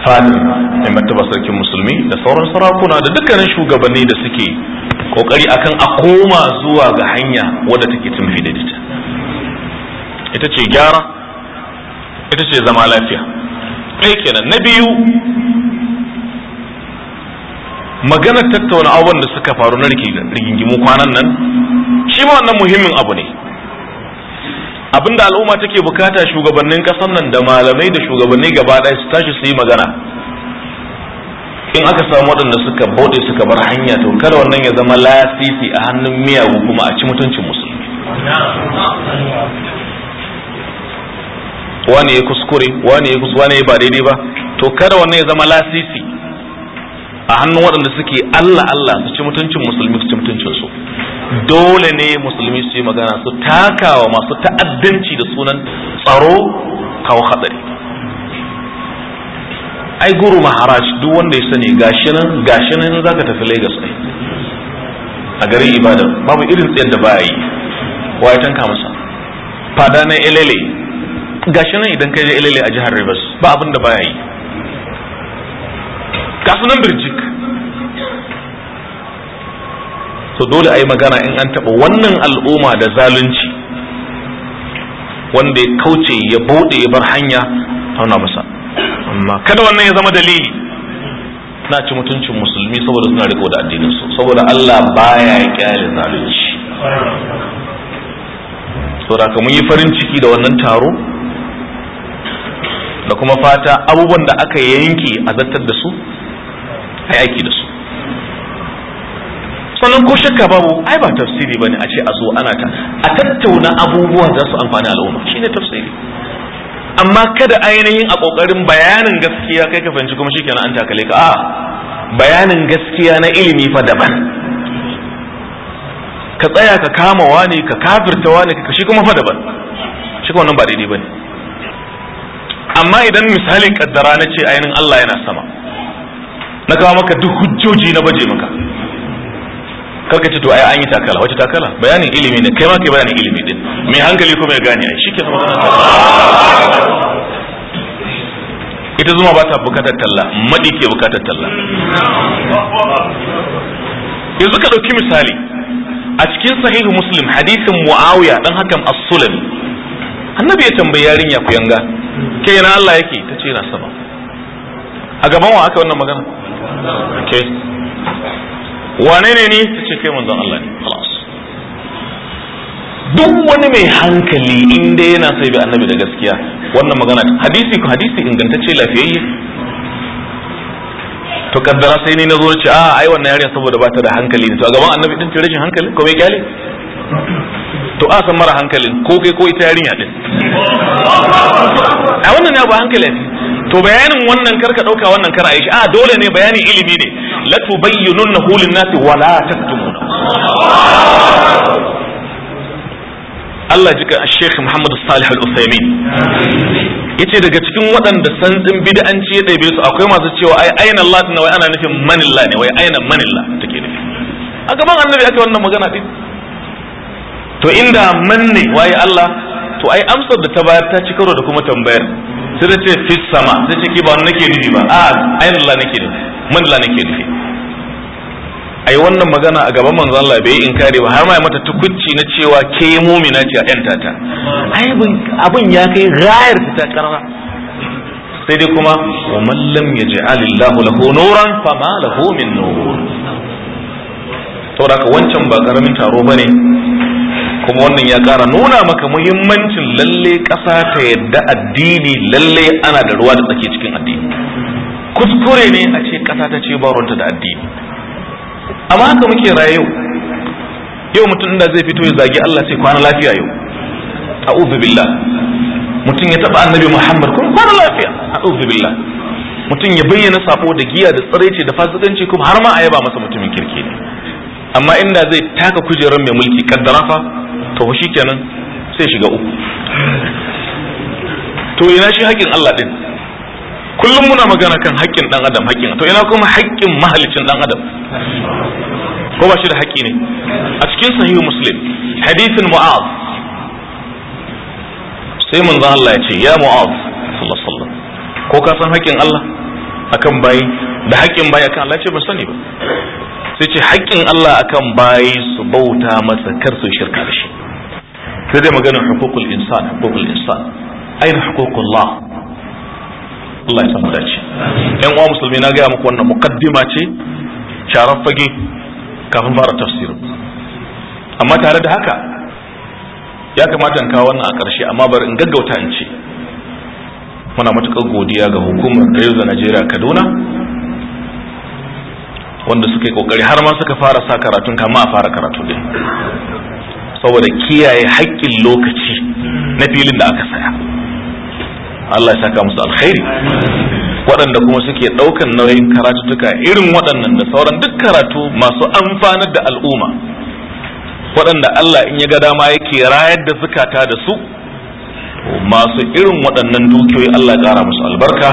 fadin mai martaba sarkin musulmi da sauran sarakuna da dukkanin shugabanni da suke kokari akan a koma zuwa ga hanya wadda take tumfi da ita ita ce gyara ita ce zama lafiya kai kenan na biyu maganar tattauna abubuwan da suka faru na rigingimu kwanan nan shi ma wannan muhimmin abu ne abinda al'umma take bukata shugabannin kasan nan da malamai da shugabanni gaba ɗaya su tashi su yi magana in aka samu waɗanda suka bauɗe suka bar hanya to kada wannan ya zama lasisi a hannun miyagu kuma a ci mutuncin musulmi wani ya kuskure wani ya kuskure wani ya ba daidai ba to kada wannan ya zama lasisi a hannun waɗanda suke Allah Allah su ci mutuncin musulmi su ci mutuncin su dole ne musulmi su yi magana su takawa masu ta'addanci da sunan tsaro kawo hadari ai guru maharaj duk wanda ya sani gashinan gashinan za ka tafi lagos ai a garin ibada babu irin tsayar da baya yi wa ya tanka masa fada na elele gashinan idan ka je elele a jihar rivers ba abin da baya yi ga sunan birjik so dole a yi magana in an taɓa wannan al'umma da zalunci wanda ya kauce ya bude ya bar hanya auna masa amma kada wannan ya zama dalili na ci mutuncin musulmi saboda suna riko da addinin su saboda Allah baya kyale zalunci saboda ka mun yi farin ciki da wannan taro da kuma fata abubuwan da aka yanke a zartar da su a yaki da su sannan ko shakka babu ai ba tafsiri bane a ce a zo ana ta a tattauna abubuwa za su amfani al'umma shine tafsiri amma kada ainihin a kokarin bayanin gaskiya kai ka fahimci kuma shikenan an takale ka a bayanin gaskiya na ilimi fa daban ka tsaya ka kama wani ka kafirta wani ka shi kuma fa daban shi kuma nan ba daidai bane amma idan misalin kaddara na ce ainihin Allah yana sama na kawo maka duk hujjoji na baje maka karka ce to ai an yi takala wace takala bayanin ilimi ne kai ma kai bayanin ilimi din mai hankali kuma ya gane shi ke shike ita zuma ba ta bukatar talla madi ke bukatar talla yanzu ka dauki misali a cikin sahihu muslim hadisin muawiya dan hakan as-sulami annabi ya tambayi yarinya ku yanga ke yana Allah yake tace yana sama a gaban wa aka wannan magana okay wane ne ni ta ce kai manzon Allah ne khalas duk wani mai hankali inda yana sai bi annabi da gaskiya wannan magana hadisi ko hadisi ingantacce lafiyayye to kaddara sai ni nazo ce a ah, ai wannan yarinya saboda bata da hankali to a gaban annabi din ce rashin hankali ko mai kyale to a san mara hankalin ko kai ko ita yarinya din a wannan ne ba hankali to bayanin wannan kar ka dauka wannan kar ayi shi a dole ne bayani ilimi ne la tubayyinunnahu lin-nasi wa la taktumun Allah jika Sheikh Muhammad Salih al uthaymeen yace daga cikin waɗanda din bid'anci ya ɗebe su akwai masu cewa ai aina Allah ne wai ana nufin manilla ne wai aina manilla take nufi a gaban annabi ake wannan magana din to inda manne waye Allah to ai amsar da ta bayar ta ci karo da kuma tambayar sai ce fi sama sai ce ki ba wani nake nufi ba a ayin Allah nake nufi man Allah nake nufi ai wannan magana a gaban manzon Allah bai in kare ba har ma ya mata tukunci na cewa ke mumina ce a ɗan tata ai abin ya kai gayar ta karara sai dai kuma wa man lam yaj'al Allah lahu nuran fama lahu min nur to da wancan ba karamin taro bane kuma wannan ya kara nuna maka muhimmancin lalle ƙasa ta yadda addini lalle ana da ruwa da tsaki cikin addini kuskure ne a ce ƙasa ta ce ba da addini amma haka muke rayu yau yau mutum da zai fito ya zagi Allah sai kwana lafiya yau a'udhu billah mutum ya taba annabi Muhammad kuma kwana lafiya a'udhu billah mutum ya bayyana sako da giya da tsiraici da fasikanci kuma har ma a yaba masa mutumin kirki ne amma inda zai taka kujerar mai mulki kaddarafa to shi kenan sai shiga uku to ina shi haƙƙin Allah din kullum muna magana kan haƙƙin dan adam haƙƙin to ina kuma haƙƙin mahalicin dan adam ko ba shi da haƙƙi ne a cikin sahihu muslim hadithin mu'az sai mun zan Allah ya ce ya mu'az sallallahu alaihi wasallam ko ka san haƙƙin Allah akan bayi da haƙƙin bayi akan Allah ce ba sani ba Sai ce haƙƙin Allah akan bayi su bauta masa kar su shirka da shi sai dai maganar hukukul insan hukukul insan ayin la Allah ya samu dace yan uwa musulmi na gaya muku wannan mukaddima ce sharar fage kafin fara tafsiru. amma tare da haka ya kamata in kawo wannan a ƙarshe amma bari in gaggauta in ce muna matuƙar godiya ga hukumar Rayuwa Najeriya Kaduna wanda suka yi kokari har ma suka fara sa karatun kama a fara karatu din saboda kiyaye haƙƙin lokaci na filin da aka saya Allah ya saka musu alkhairi waɗanda kuma suke ɗaukan nauyin karatuttuka irin waɗannan da sauran duk karatu masu amfanar da al'umma waɗanda Allah in ya ga dama yake rayar da zukata da su masu irin waɗannan dukiyoyi Allah ya ƙara musu albarka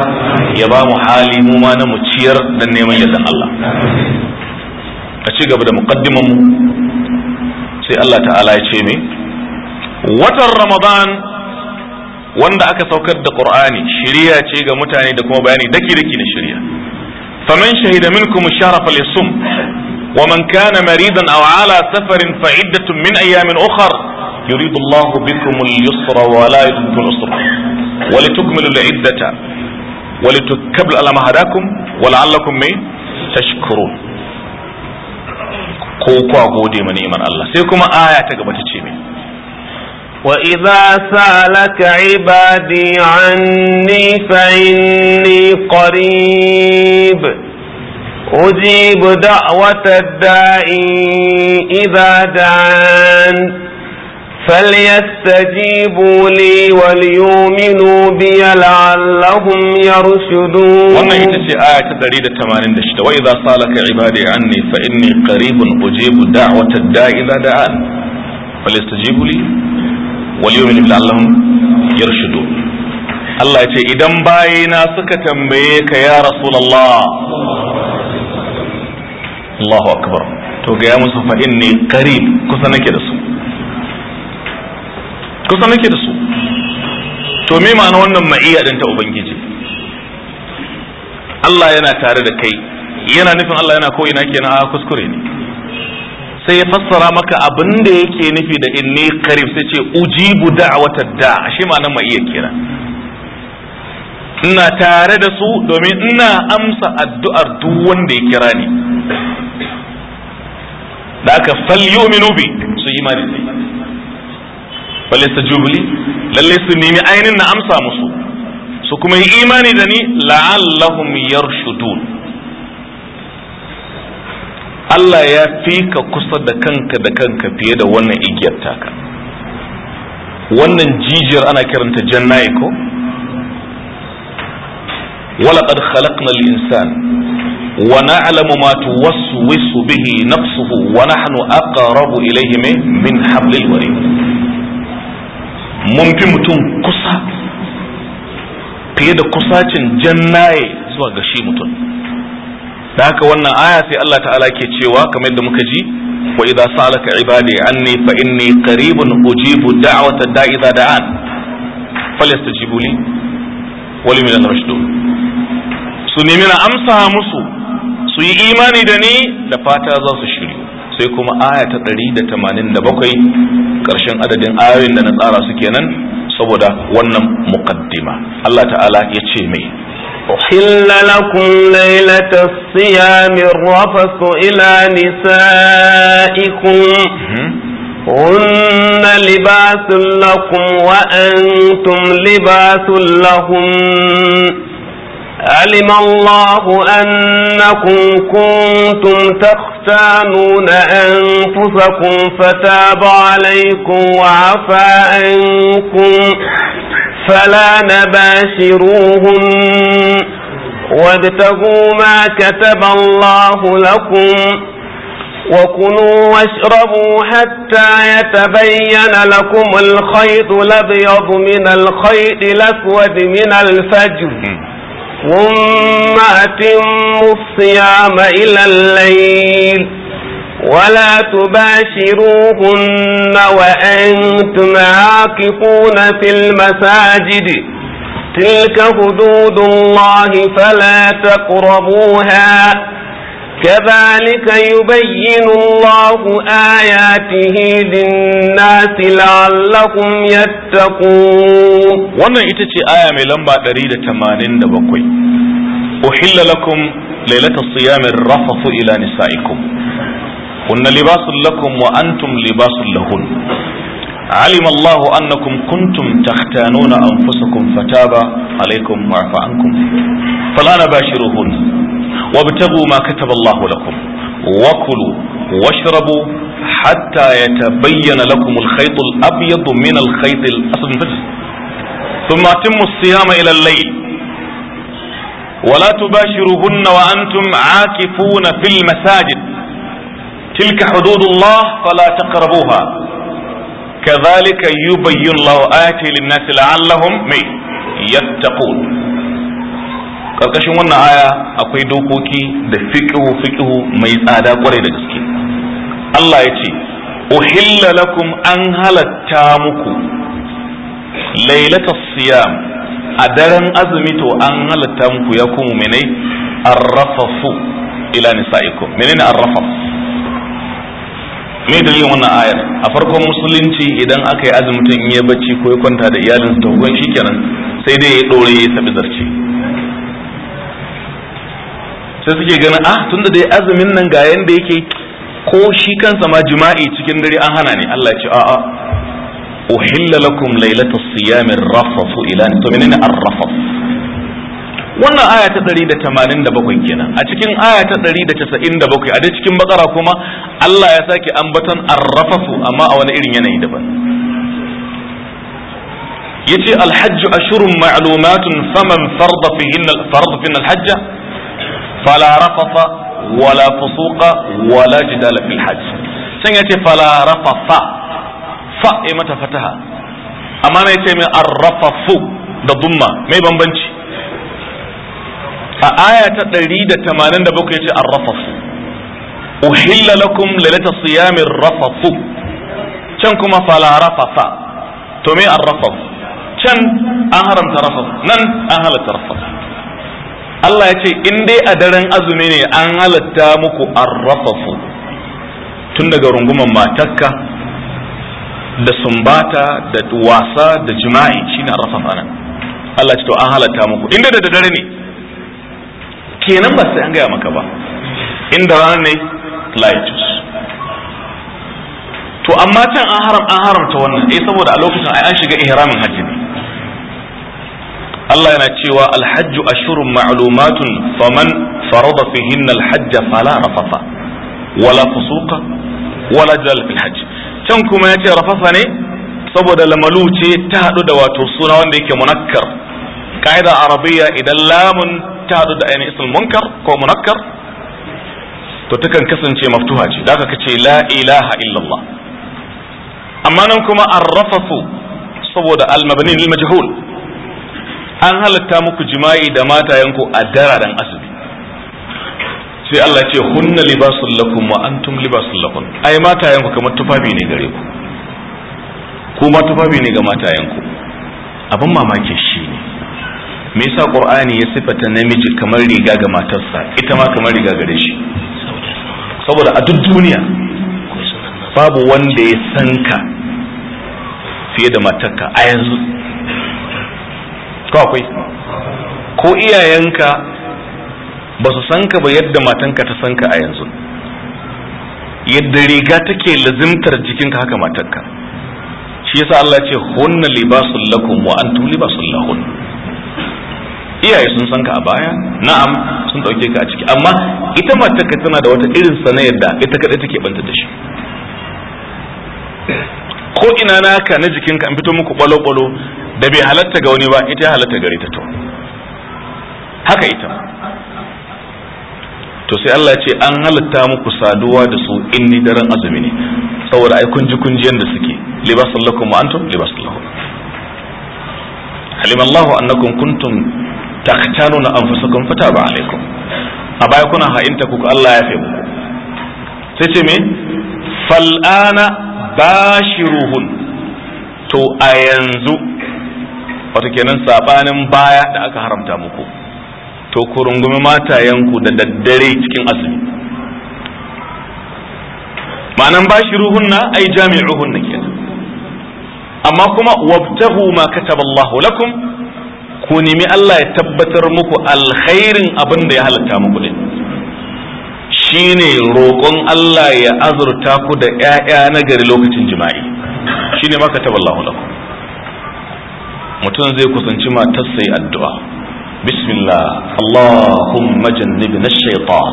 ya ba mu hali mu ma na mu ciyar dan neman yardan Allah a ci gaba da muqaddimanmu sai Allah ta'ala ya ce me watan Ramadan wanda aka saukar da Qur'ani shiriya ce ga mutane da kuma bayani daki daki na shiriya faman shahida minkum sharafa lisum ومن كان مريضا او على سفر فعدة من ايام اخر يريد الله بكم اليسر ولا يريد بكم العسر ولتكملوا العدة ولتكبلوا على ما هداكم ولعلكم مين إيه؟ تشكرون كوكو kwa من إيمان الله سيكم آيات kuma aya وإذا سألك عبادي عني فإني قريب أجيب دعوة الداعي إذا دعان فليستجيبوا لي وليؤمنوا بي لعلهم يرشدون wannan ita ce aya ta 186 wa idza salaka ibadi anni fa inni qaribun ujibu da'wata da'i idza da'an falyastajibu li waliyu'minu bi la'allahum yarshudun Allah ce idan bayina suka tambaye ka ya rasulullah Allahu akbar to gaya ya musu kusa nake da su kusa nake da su to me ma'ana wannan ma'iya din ta ubangiji Allah yana tare da kai yana nufin Allah yana ko ina kenan a kuskure ne sai ya fassara maka abin da yake nufi da inni karib sai ce ujibu da'wata da shi ma'anar ma'iya kira. ina tare da su domin ina amsa addu'ar duk wanda ya kira ni da aka fal falyominu bi su imani falista jubli lalle su nemi ainihin na amsa musu su kuma yi imani da ni la'allahum yarshudun Allah ya fi ka kusa da kanka da kanka fiye da wannan igiyar taka wannan jijiyar ana kiranta jannai ko ولقد خلقنا الإنسان ونعلم ما توسوس به نفسه ونحن أقرب إليه من حبل الوريد mun fi mutum kusa fiye da kusacin jannaye zuwa ga shi mutum da haka wannan aya sai Allah ta'ala ke cewa kamar yadda muka ji wa idza sa'alaka ibadi anni fa inni qaribun ujibu da'wata da'i da'an falyastajibu li wal min ar su nemi na amsa musu su yi imani da ni da fata za su shiri sai kuma aya ta 187 ƙarshen adadin ayoyin da na tsara su kenan saboda wannan muqaddima Allah ta'ala ya ce mai أحل لكم ليلة الصيام الرفث إلى نسائكم هن لباس لكم وأنتم لباس لهم علم الله أنكم كنتم تختانون أنفسكم فتاب عليكم وعفى عنكم فلا نباشروهن وابتغوا ما كتب الله لكم وكلوا واشربوا حتى يتبين لكم الخيط الأبيض من الخيط الأسود من الفجر ثم أتموا الصيام إلى الليل ولا تباشروهن وأنتم عاكفون في المساجد تلك حدود الله فلا تقربوها كذلك يبين الله آياته للناس لعلكم يتقون wannan ita ce aya mai lamba 187 uhilla lakum lailata siyami rafathu ila nisaikum kunna libasul lakum wa antum libasul lahun علم الله أنكم كنتم تختانون أنفسكم فتاب عليكم وعفى عنكم فلا باشرهن وابتغوا ما كتب الله لكم وكلوا واشربوا حتى يتبين لكم الخيط الأبيض من الخيط الأسود من الفجر ثم أتموا الصيام إلى الليل ولا تباشرهن وأنتم عاكفون في المساجد تلك حدود الله فلا تقربوها كذلك يبين الله آياته للناس لعلهم يتقون karkashin wannan aya akwai dokoki da fiqhu fiqhu mai tsada kwarai da gaske Allah ya ce uhilla lakum an halatta muku lailatul siyam a daren azumi to an halatta muku ya kuma menai arrafafu ila nisaikum menene arrafaf me dalilin wannan ayar a farkon musulunci idan aka yi in ya bacci ko ya kwanta da iyalinsu to gwan kenan sai dai ya dore ya sabi zarce sai suke ganin ah tunda dai azumin nan ga yanda yake ko shi kansa ma jima'i cikin dare an hana ne Allah ya ce a'a uhilla lakum laylata siyami rafaf ila to menene ar-rafaf wannan aya ta 187 kenan a cikin aya ta 197 a dai cikin bakara kuma Allah ya sake ambaton ar-rafafu amma a wani irin yanayi daban yace al-hajj ashurun ma'lumatun faman farda fihinna farda fi al-hajja fala wala fusuqa wala jidala fil can yace fala rafafa fa e mata amma na yace min arrafafu da dumma mai bambanci a aya ta ɗari 187 yace arrafafu uhilla lakum lailata siyami rafafu can kuma falarafafa? rafafa to me arrafafu can an haramta rafaf nan an halatta rafaf Allah ya ce in dai a daren azumi ne an halatta muku arrafafu tun daga runguman matakka da sumbata da wasa da jima'i shine arrafafa nan Allah ya ce to an halatta muku inda da dare ne kenan ba sai an gaya maka ba inda rana ne laitus to amma can an haram an haramta wannan eh saboda a lokacin ai an shiga ihramin hajji ne Allah yana cewa alhajju ashurun ma'lumatun faman farada fihinna alhajj fala rafafa wala fusuqa wala jal fil hajj can kuma yace rafafa ne saboda lamalu ce ta hadu da wato suna wanda yake munakkar kaida arabiya idan lamun ta hadu da ainihin ismul munkar ko munakkar to takan kasance maftuha ce da aka kace la ilaha illallah amma nan kuma arrafafu saboda almabni lil majhul an halatta muku jima'i da matayenku a dararen asibi sai Allah ce hunna libasul lakum wa antum libasul lakum ai matayenku kamar tufafi ne gare ku kuma tufafi ne ga matayenku abin mamaki shi ne me yasa qur'ani ya sifata namiji kamar riga ga matarsa ita ma kamar riga gare shi saboda a duk duniya babu wanda ya sanka fiye da matarka a yanzu ko akwai ko iyayenka ba su san ka ba yadda matanka ta san ka a yanzu yadda riga take lazimtar jikinka haka matanka shi yasa Allah ce hunna libasul lakum wa antum libasul lahun iyaye sun san ka a baya na'am sun dauke ka a ciki amma ita matanka tana da wata irin sanayar da ita kadai take banta da shi ko ina naka na jikinka an fito muku balo-balo da bai halatta ga wani ba ita halatta gare ta to haka ita to sai Allah ya ce an halatta muku saduwa da su inni daren azumi ne saboda ai kunji kunjiyan da suke libasul lakum wa antum libasul lahum alim Allah annakum kuntum taqtanuna anfusakum fataba alaikum a baya kuna ha'inta kuka Allah ya fe muku sai ce me fal'ana bashiruhun to a yanzu wato kenan sabanin baya da aka haramta muku to ku rungumi matayenku da daddare cikin azumi ma'anan bashi ruhunna ai jami'uhunna kenan amma kuma wabtahu ma kataballahu lakum ku nimi Allah ya tabbatar muku alkhairin abin da ya halatta muku din shine roƙon Allah ya azurta ku da ƴaƴa na gari lokacin jima'i shine ma kataballahu lakum mutum zai kusanci matarsa yi addu'a bismillah allahumma jannibna shaytan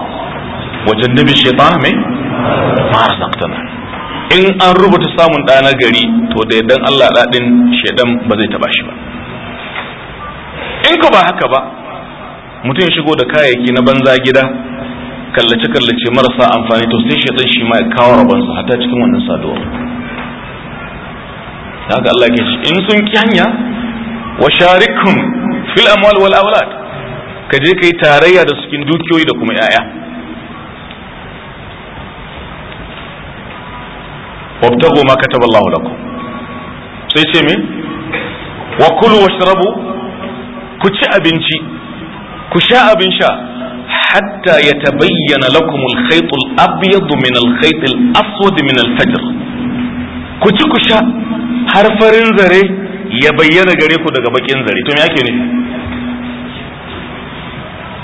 wa jannibi shaytan me ma in an rubuta samun dana gari to da yardan Allah ɗaɗin shaidan ba zai taɓa shi ba in ka ba haka ba mutum ya shigo da kayayyaki na banza gida kallace kallace marasa amfani to sai shaidan shi ma ya kawo rabonsa hata cikin wannan saduwa haka Allah ke in sun ki hanya wa sharikun fil amwal wal aulad ka je kai tarayya da cikin dukiyoyi da kuma yaya wabtagu ma kataba Allah lakum sai ce me wa kulu washrabu ku ci abinci ku sha abin sha hatta yatabayyana lakum al-khayt al-abyad min al-khayt al-aswad min al-fajr ku ci ku sha har farin zare ya bayyana gare ku daga bakin zare to me yake ne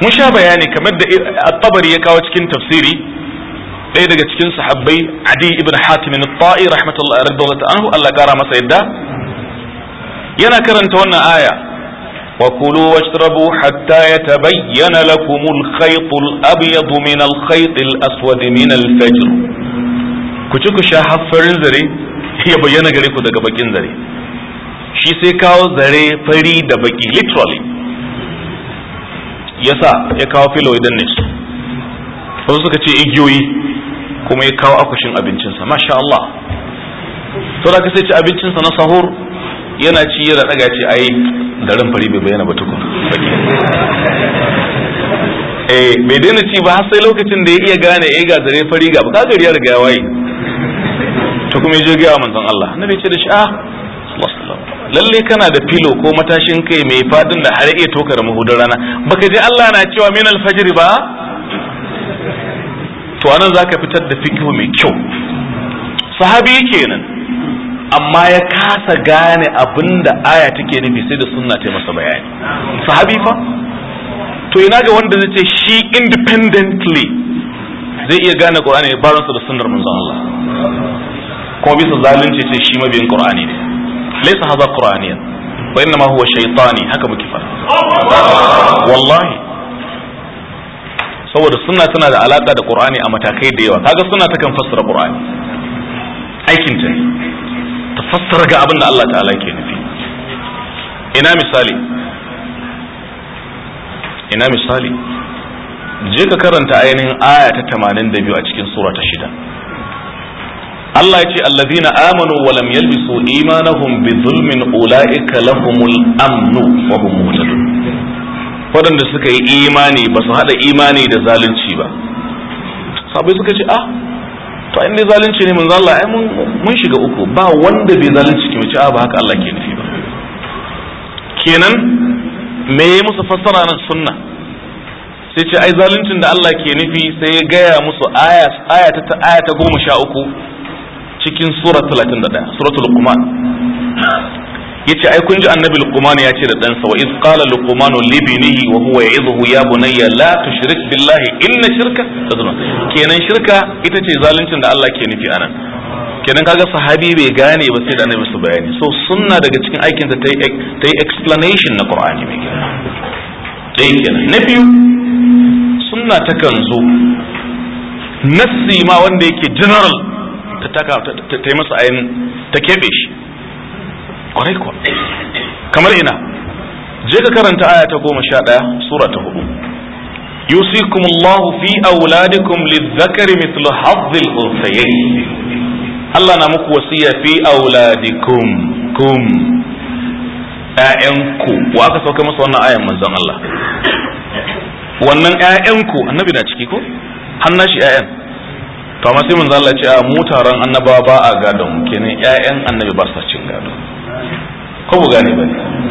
mun sha bayani kamar da at-tabari ya kawo cikin tafsiri daya daga cikin sahabbai adi ibn hatim min ta'i rahmatullahi radiyallahu anhu Allah masa yadda yana karanta wannan aya wa kulu hatta ya lakum al lakumul al-abyad min al-khayt al-aswad ku ci ku sha har farin zare ya bayyana gare ku daga bakin zare shi sai kawo zare fari da baki literally sa ya kawo filo idan ne su wasu suka ce igiyoyi kuma ya kawo akushin abincinsa masha Allah to da sai ci abincinsa na sahur yana ci yana daga ce ai garin fari bai bayyana ba tukun eh bai daina ci ba har sai lokacin da ya iya gane ya eh, ga zare fari ga ba gari ya riga ya waye to kuma ya je ga manzon Allah annabi ce da shi ah sallallahu lalle kana da filo ko matashin kai mai fadin da har iya tokar mahudar rana baka je Allah na cewa min alfajiri ba to anan zaka fitar da fikihu mai kyau sahabi kenan amma ya kasa gane abinda aya take nufi sai da sunna ta masa bayani sahabi fa to ina ga wanda zai ce shi independently zai iya gane Qur'ani baransa da sunnar manzon Allah kuma bisa zalunci ce shi mabiyin Qur'ani ne laysa haza qur'aniyan wa innama huwa shaitani haka muke fara wallahi saboda sunna tana da alaka da qur'ani a matakai da yawa kaga sunna takan fassara qur'ani aikin ta ta fassara ga abin da Allah ta'ala ke nufi ina misali ina misali je ka karanta ainihin aya ta tamanin 82 a cikin sura ta shida Allah ya ce allazina amanu wa lam yalbisu imanahum bi zulmin ulaika lahumul amnu wa hum muhtadun waɗanda suka yi imani ba su hada imani da zalunci ba sabai suka ce ah to in zalunci ne manzo Allah ai mun mun shiga uku ba wanda bai zalunci ke mace ah, ba haka Allah ke nufi ba kenan me ya musu fassara nan sunna sai ce ai zaluncin da Allah ke nufi sai ya gaya musu aya aya ta aya ta goma sha uku cikin sura 31 suratul luqman yace ai kun ji annabi luqman ya ce da ɗansa wa iz qala luqman li binihi wa huwa ya'idhu ya bunayya la tushrik billahi inna shirka lazima kenan shirka ita ce zaluncin da Allah ke nufi anan kenan kaga sahabi bai gane ba sai da annabi su bayani so sunna daga cikin aikin ta tai yi explanation na qur'ani mai kenan dai kenan na biyu sunna ta kan zo nassi ma wanda yake general ta taka ta yi masa ayin ta keɓe shi kwarai kuwa kamar ina je ka karanta aya ta goma sha ɗaya sura ta hudu يوصيكم الله في أولادكم للذكر مثل حظ الأنثيين الله نامك وصية في أولادكم kum. ‘ya'yanku wa aka sauka masa wannan ayan manzon Allah wannan ‘ya'yanku annabi na ciki ko hannashi ‘ya'yan to amma sai mun zalla ce a mu taron annabawa ba a gadon kenan ƴaƴan annabi ba sa cin gado ko ku gane ba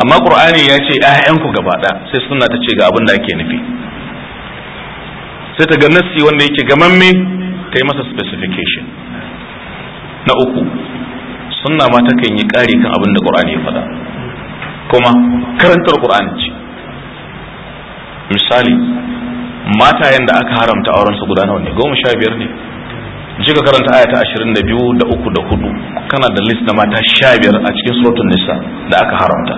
amma qur'ani ya ce ƴaƴan ku gaba sai sunna ta ce ga abin da ake nufi sai ta ga nassi wanda yake gamamme ta yi masa specification na uku sunna ma ta kan yi ƙari kan abin da qur'ani ya faɗa kuma karantar qur'ani ce misali matayen da aka haramta auren su guda nawa ne goma sha biyar ne ji ka karanta aya ta 22 da 3 da 4 kana da list na mata 15 a cikin suratul nisa da aka haramta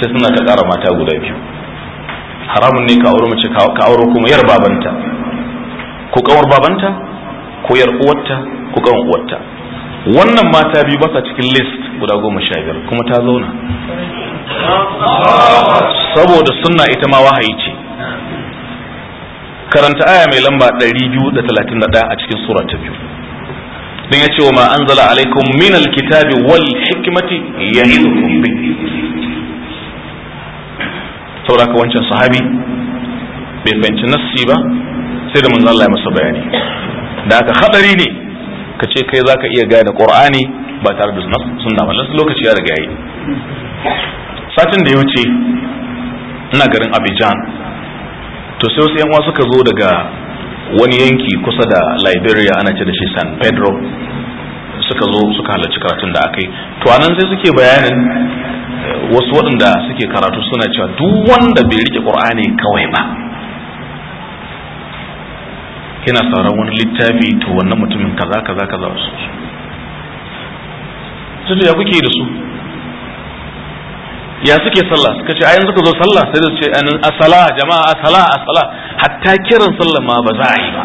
sai suna ta kara mata guda biyu haramun ne ka aure mace ka aure kuma yar babanta ko kawar babanta ko yar uwarta ko kawar uwarta wannan mata biyu ba sa cikin list guda goma sha biyar kuma ta zauna saboda sunna ita ma wahayi ce karanta aya mai lamba 231 a cikin sura ta biyu ya ce wa ma anzala alaikum min alkitabi wal hikmati ya'idukum bi saboda wancan sahabi bai fahimci nassi ba sai da manzo Allah ya masa bayani da aka hadari ne ka ce kai zaka iya da qur'ani ba tare da sunna ba lasu lokaci ya riga yi satin da ya wuce ina garin Abijan. to sai wasu yanwa suka zo daga wani yanki kusa da liberia ana ce da shi san pedro suka zo suka halarci karatun da aka yi to anan sai suke bayanin eh, wasu waɗanda suke karatu suna cewa duk wanda bai rike ƙur'ani kawai ba yana sauran wani littafi to wannan mutumin kaza kaza kaza su ya kuke da su ya suke sallah suka ce ayan suka zo sallah sai su ce a asala jama'a asala asala hatta kiran sallah ma ba za a yi ba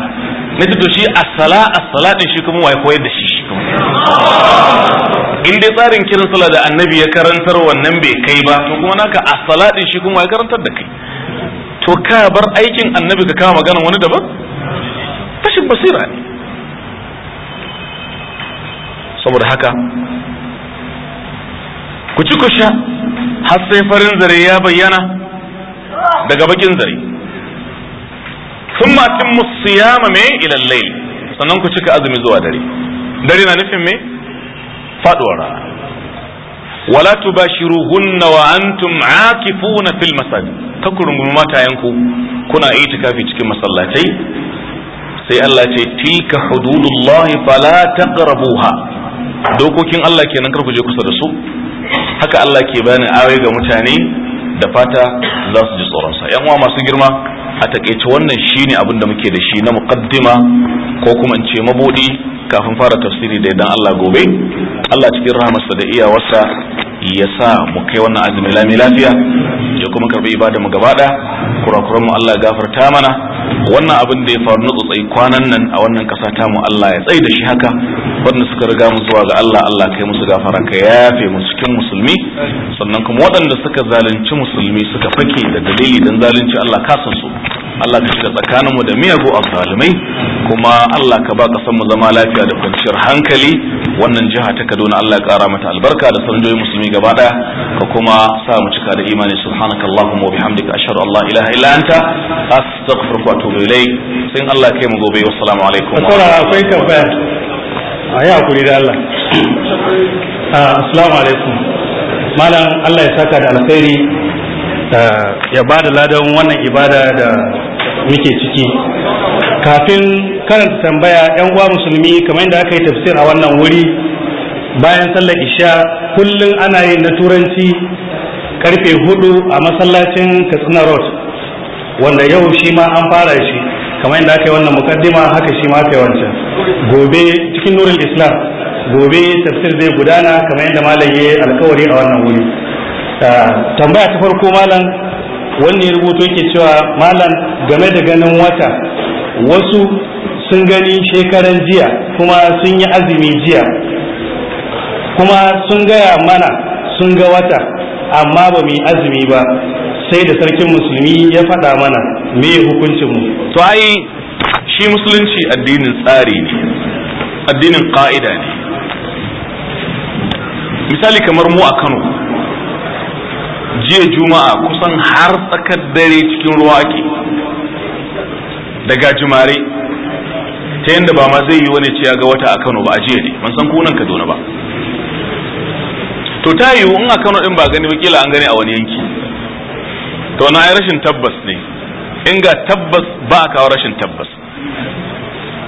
na to shi asala asala din shi kuma wai koyar da shi shi kuma? in dai tsarin kiran sallah da annabi ya karantar wannan bai kai ba to kuma naka asala din shi kuma wai karantar da kai to ka bar aikin annabi ka kama magana wani daban tashin basira ne saboda haka ku ci ku sha har sai farin zare ya bayyana daga bakin zare Sun atimmu siyama me mai ilallai. sannan ku cika azumi zuwa dare dare na nufin me faduwar rana wala tubashiruhunna wa antum aakifuna fil masajid takurungu matayanku kuna itikafi cikin masallatai sai Allah ce tilka hududullahi fala taqrabuha dokokin Allah kenan kar ku je kusa da su haka Allah ke bani ayoyi ga mutane da fata za su ji tsoronsa yan uwa masu girma a takaice wannan shine abin da muke da shi na muqaddima ko kuma in ce mabudi kafin fara tafsiri da idan Allah gobe Allah cikin rahamarsa da iyawarsa ya sa mu kai wannan azumi lami lafiya ya kuma karbi ibada mu gaba da kurakuran mu Allah gafarta mana wannan abin da ya faru na tsotsai kwanan nan a wannan kasa ta mu Allah ya tsaye da shi haka wanda suka riga mu zuwa ga Allah Allah kai musu gafara ka yafe mu cikin musulmi sannan kuma waɗanda suka zalunci musulmi suka fake da dalili dan zalunci Allah ka san su Allah ka shiga tsakanin mu da miyagu azzalimai kuma Allah ka ba kasan mu zama lafiya da kwanciyar hankali wannan jiha ta Kaduna Allah ya ƙara mata albarka da sanjoyi musulmi gaba daya ka kuma sa mu cika da imani subhanakallahumma wa bihamdika ashhadu an la ilaha illa anta astaghfiruka atubu ilai sun Allah kai mu gobe wassalamu alaikum wa akwai tambaya a yi hakuri da Allah ah, assalamu alaikum malam Allah ya saka da alkhairi ah, ya ba da ladan wannan ibada da muke ciki kafin karanta tambaya yan uwa musulmi kamar yadda aka yi tafsir a wannan wuri bayan sallar isha kullum ana yin na turanci karfe hudu a masallacin katsina road wanda yau shi ma an fara shi kamar yadda aka yi wannan mukaddima haka shi ma aka yi wancan gobe cikin nurul islam gobe tafsir zai gudana kamar yadda malam ya alkawari a wannan wuri ah, tambaya ta farko malam wannan rubutu yake cewa malam game da ganin wata wasu sun gani shekaran jiya kuma sun yi azumi jiya kuma sun gaya mana sun ga wata amma ba mu yi azumi ba sai da sarkin musulmi ya faɗa mana me hukuncin mu to ai shi musulunci addinin tsari ne addinin ƙa'ida ne misali kamar mu a Kano jiya juma'a kusan har tsakar dare cikin ruwa ake daga jumare ta yadda ba ma zai yi wani ciya ga wata a Kano ba a jiya ne ban san kunan Kaduna ba to ta yiwu in a Kano in ba gani ba kila an gani a wani yanki to na rashin tabbas ne in ga tabbas ba a kawo rashin tabbas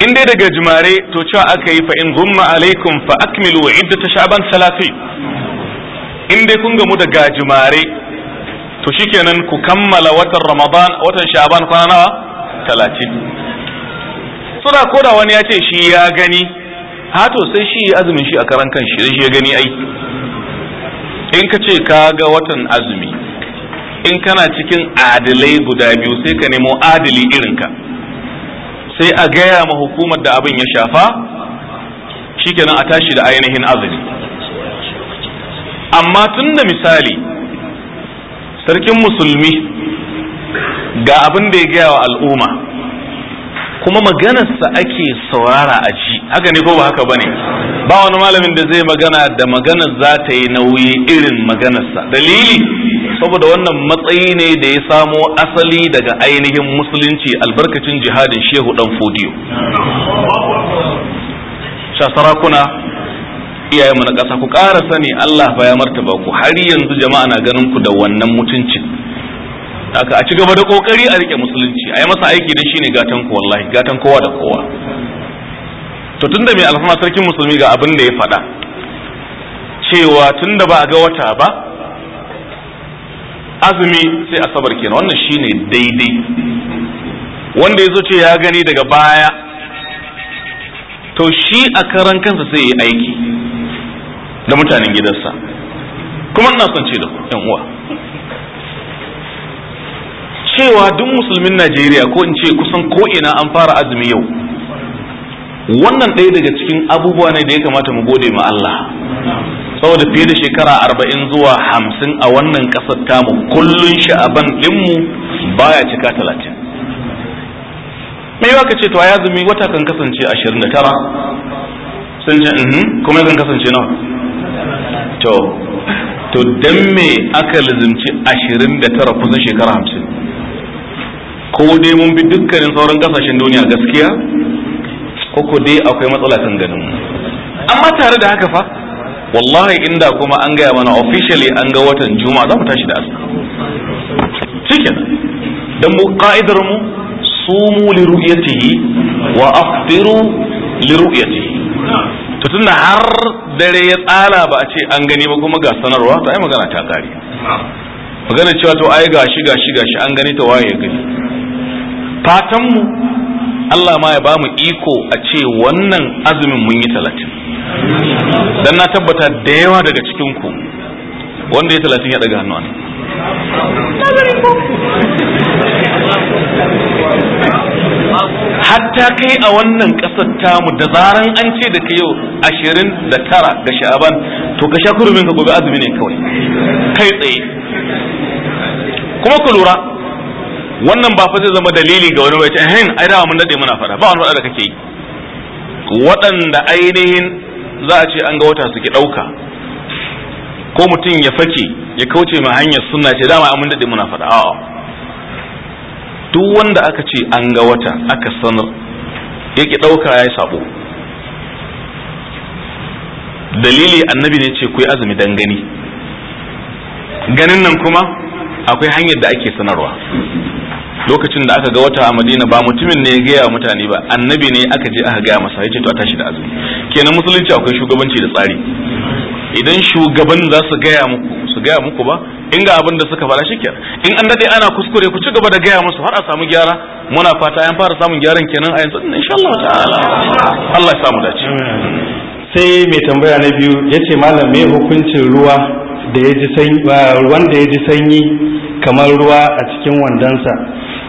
in dai daga jimare to cewa aka yi fa in gumma alaikum fa akmilu ta sha'ban salafi in dai kun gamu da gajimare to shikenan ku kammala watan ramadan watan sha'ban kwana nawa 30 da koda wani ya ce shi ya gani ha to sai shi azumin shi a karan kan shi shi ya gani ai in ka ce ka ga watan azumi in kana cikin adilai guda biyu sai ka nemo adili irinka sai a gaya ma hukumar da abin ya shafa shikenan a tashi da ainihin azumi amma tun da misali sarkin musulmi ga abin da ya gaya wa al'umma kuma maganarsa ake saurara a ji haka ne ko ba haka bane ba wani malamin da zai magana da maganar za ta yi nauyi irin maganarsa dalili saboda wannan matsayi ne da ya samo asali daga ainihin musulunci albarkacin jihadin shehu dan fodiyo sha Iyaye iyayenmu na ƙasa ku ƙara sani Allah ba ya martaba ku har yanzu jama'a na ganin ku da wannan mutuncin haka a ci gaba da kokari a rike musulunci a yi masa aiki da shine gatan ku wallahi gatan kowa da kowa to tunda mai alfama sarkin musulmi ga abin da ya faɗa cewa tunda ba a ga wata ba azumi sai asabar kenan wannan shine daidai wanda ya zo ce ya gani daga baya to shi a karan kansa sai ya yi aiki da mutanen gidansa kuma ina son ce da yan uwa cewa duk musulmin Najeriya ko in ce kusan ko ina an fara azumi yau wannan ɗaya daga cikin abubuwa ne da ya kamata mu gode ma Allah saboda fiye da shekara arba'in zuwa hamsin a wannan ƙasar tamu kullun sha'aban ɗinmu baya cika talatin mai ka ce to ya zumi wata kan kasance ashirin da tara sun ce mhm, kuma kan kasance nawa to to dan me aka lizimci ashirin da tara kusan shekara hamsin ko dai mun bi dukkanin sauran kasashen duniya gaskiya ko dai akwai matsala kan ganin mu amma tare da haka fa wallahi inda kuma an gaya mana officially an ga watan juma'a za mu tashi da azka cikin dan mu ka'idar mu sumu li ru'yatihi wa aftiru li ru'yatihi to tunda har dare ya tsala ba a ce an gani ba kuma ga sanarwa to ai magana ta kare magana cewa to ai gashi gashi gashi an gani ta waye gani fatanmu Allah ma ya ba mu iko a ce wannan azumin mun yi talatin dan na tabbata da yawa daga cikinku wanda ya talatin ya daga hannuwa hatta kai a wannan ƙasar tamu da zaran an ce da yau ashirin da tara ga sha'aban to ka sha kurumin ka gobe azumi ne kawai kai tsaye kuma ku lura wannan ba fa zai zama dalili ga wani wace hin ai da mun dade muna fara ba wani da kake yi waɗanda ainihin za a ce an ga wata suke ɗauka ko mutum ya fake ya kauce ma hanyar sunna ce dama mun dade muna fara a'a duk wanda aka ce an ga wata aka sanar yake ɗauka ya yi sabo dalili annabi ne ce ku yi azumi dan gani ganin nan kuma akwai hanyar da ake sanarwa lokacin da aka ga wata a madina ba mutumin ne ya gaya wa mutane ba annabi ne aka je aka gaya masa yace to a tashi da azumi kenan musulunci akwai shugabanci da tsari idan shugaban za su gaya muku su gaya muku ba in ga abin da suka fara shikken in an dade ana kuskure ku ci gaba da gaya musu har a samu gyara muna fata an fara samun gyaran kenan a yanzu insha Allah ta'ala Allah ya samu dace sai mai tambaya na biyu yace malam me hukuncin ruwa da ya ji sanyi wanda ya ji sanyi kamar ruwa a cikin wandansa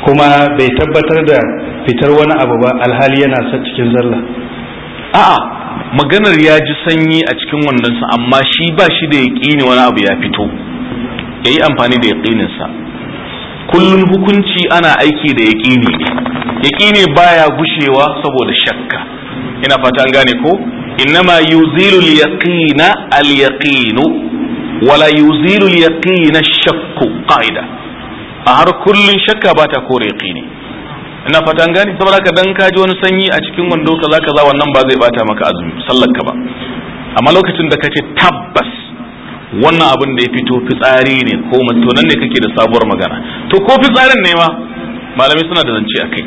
kuma bai tabbatar da fitar wani abu ba alhali yana sa cikin zalla. a'a maganar ya ji sanyi a cikin wandonsa amma shi ba shi da yaƙini wani abu ya fito yayi amfani da yaƙininsa kullum hukunci ana aiki da yaƙini yaƙini baya gushewa saboda shakka ina fata an gane ko innama yuzilu al-yaqina al-yaqinu wala yuzilu al-yaqina shakku qa'ida a har kullun shakka ba ta kore yaqini ina fatan gani saboda ka dan kaji wani sanyi a cikin wando kaza kaza wannan ba zai bata maka azumi sallar ka ba amma lokacin da kace tabbas wannan abin da ya fito fitsari ne ko to nan ne kake da sabuwar magana to ko fitsarin ne ma malamai suna da zance akai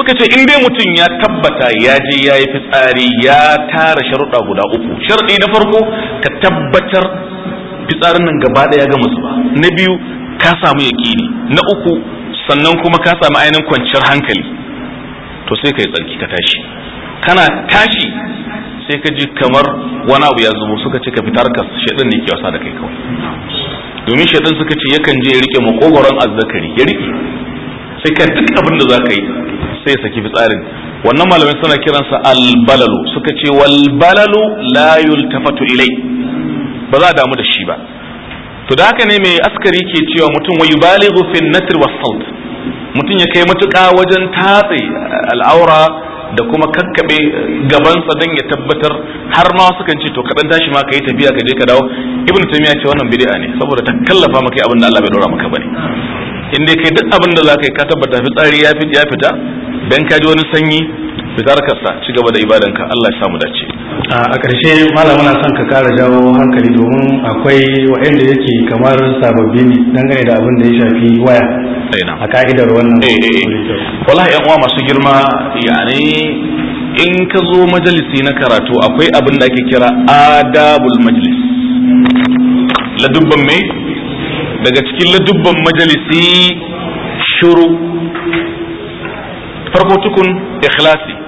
suka ce in dai mutum ya tabbata ya je ya yi fitsari ya tara sharuɗa guda uku sharaɗi na farko ka tabbatar fitsarin nan gaba ɗaya ga musu ba na biyu ka samu yaƙini na uku sannan kuma ka samu ainihin kwanciyar hankali to sai ka yi tsarki ka tashi kana tashi sai ka ji kamar wani abu ya zubo suka ce ka fitar ka shaidan ne ke wasa da kai kawai domin shaidan suka ce yakan je ya rike makogoron azzakari ya rike sai ka duk abin da za ka yi sai ya saki fitsarin wannan malamai suna kiransa albalalu suka ce walbalalo la yultafatu ilai ba za a damu da shi ba to da haka ne mai askari ke cewa mutum wa yubalighu fi nasr was sawt mutum ya kai matuƙa wajen tatse al'aura da kuma kakkabe gabansa dan ya tabbatar har ma sukan ce to kadan tashi ma ka tafiya ka je ka dawo ibn tamiya ce wannan bid'a ne saboda ta kallafa maka abin da Allah bai dora maka bane in dai kai duk abin da zaka ka tabbata fitsari ya fita dan ka ji wani sanyi fitar sa ci gaba da ibadanka Allah ya samu dace a ƙarshe malam na son ka kara jawo hankali domin akwai waɗanda yake kamar sababbi ne dangane da abin da ya shafi waya eh, a ka'idar wannan eh, eh, wallahi yan uwa masu girma yare in ka zo majalisi na karatu akwai abin da ake kira adabul Majlis. ladubban mai daga cikin ladubban majalisi shuru farko tukun ikhlasi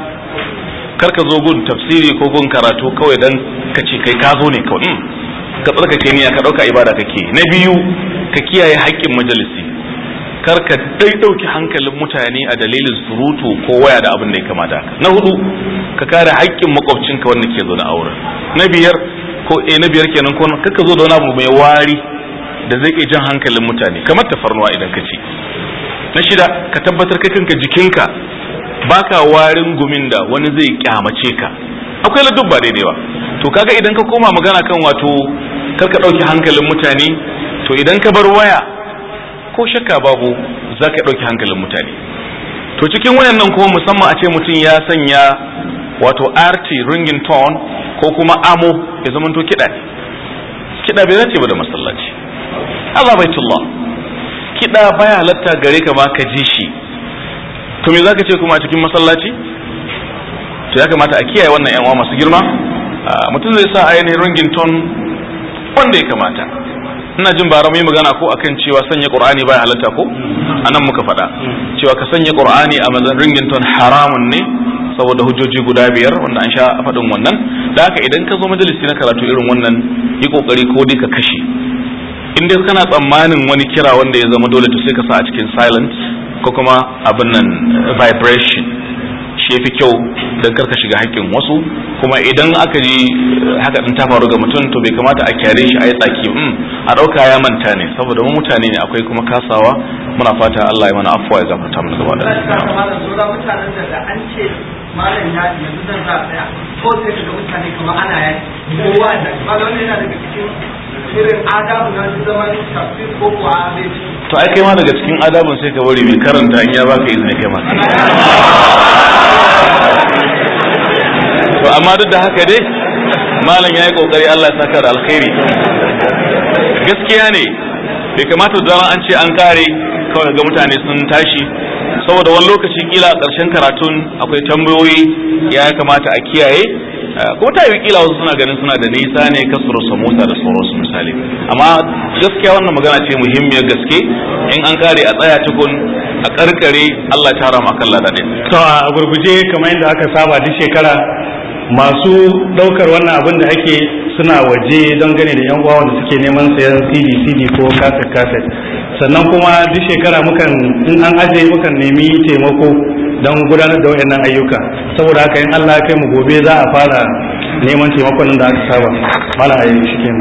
kar ka zo gun tafsiri ko gun karatu kawai dan ka ce kai ka zo ne kawai hmm. ka tsarkake niyya ka dauka ibada kake na biyu ka kiyaye haƙƙin majalisi kar dai dauki hankalin mutane a dalilin surutu ko waya da abin da ya kamata na hudu ka kare haƙƙin makwabcinka wanda ke zo na aure. na biyar ko eh na biyar kenan ko kar ka zo da wani abu mai wari da zai iya jan hankalin mutane kamar tafarnuwa idan ka ci na shida ka tabbatar kai kanka jikinka baka warin gumin da wani zai kyamace ka akwai ba daidai ba to kaga idan ka koma magana kan wato kar ka ɗauki hankalin mutane to idan ka bar waya ko shakka babu za ka ɗauki hankalin mutane to cikin nan kuma musamman a ce mutum ya sanya wato rt ringing tone ko kuma amo ya zamanto kiɗa kiɗa bai dace ba da masallaci Allah baitullah kiɗa baya halatta gare ka ba ka ji shi to me zaka ce kuma a cikin masallaci to ya kamata a kiyaye wannan yan uwa masu girma mutum zai sa ainihin ton wanda ya kamata ina jin bara mai magana ko akan cewa sanya qur'ani baya halatta ko anan muka faɗa cewa ka sanya qur'ani a mazan ton haramun ne saboda hujjoji guda biyar wanda an sha faɗin wannan da haka idan ka zo majalisi na karatu irin wannan yi kokari ko dai ka kashe in dai kana tsammanin wani kira wanda ya zama dole to sai ka sa a cikin silence. ko kuma abin nan vibration shi fi kyau don karka shiga haƙƙin wasu kuma idan aka ji haka ɗin ta faru ga mutum to bai kamata a kyale shi a yi tsaki mm, a ɗauka ya manta ne saboda mu mutane ne akwai kuma kasawa muna fata Allah ya mana afuwa ya gafarta mana gaba da malam ya yanzu zan za a tsaya ko sai ka ga mutane kamar ana yaki kowa da yana daga cikin to ai kai ma daga cikin adamun sai ka bari mai karanta an ya baka izini kai ma to amma duk da haka dai malam ya yi kokari Allah ya saka da alkhairi gaskiya ne bai kamata da an ce an kare kawai ga mutane sun tashi saboda wani lokaci kila a ƙarshen karatun akwai tambayoyi ya kamata a kiyaye kuma ta yi kila wasu suna ganin suna da nisa ne su mota da sauransu misali amma gaskiya wannan magana ce muhimmiyar gaske in an kare a tsaya tukun a karkare Allah ta rama kan ladade to a gurguje kamar yadda aka saba duk shekara masu daukar wannan abin da ake suna waje don gane da yan uwa suke neman sayan CD CD ko kaset kaset sannan kuma duk shekara mukan in an aje mukan nemi taimako don gudanar da wayannan ayyuka saboda haka in Allah ya kai mu gobe za a fara neman taimakon da aka saba mala ayyuka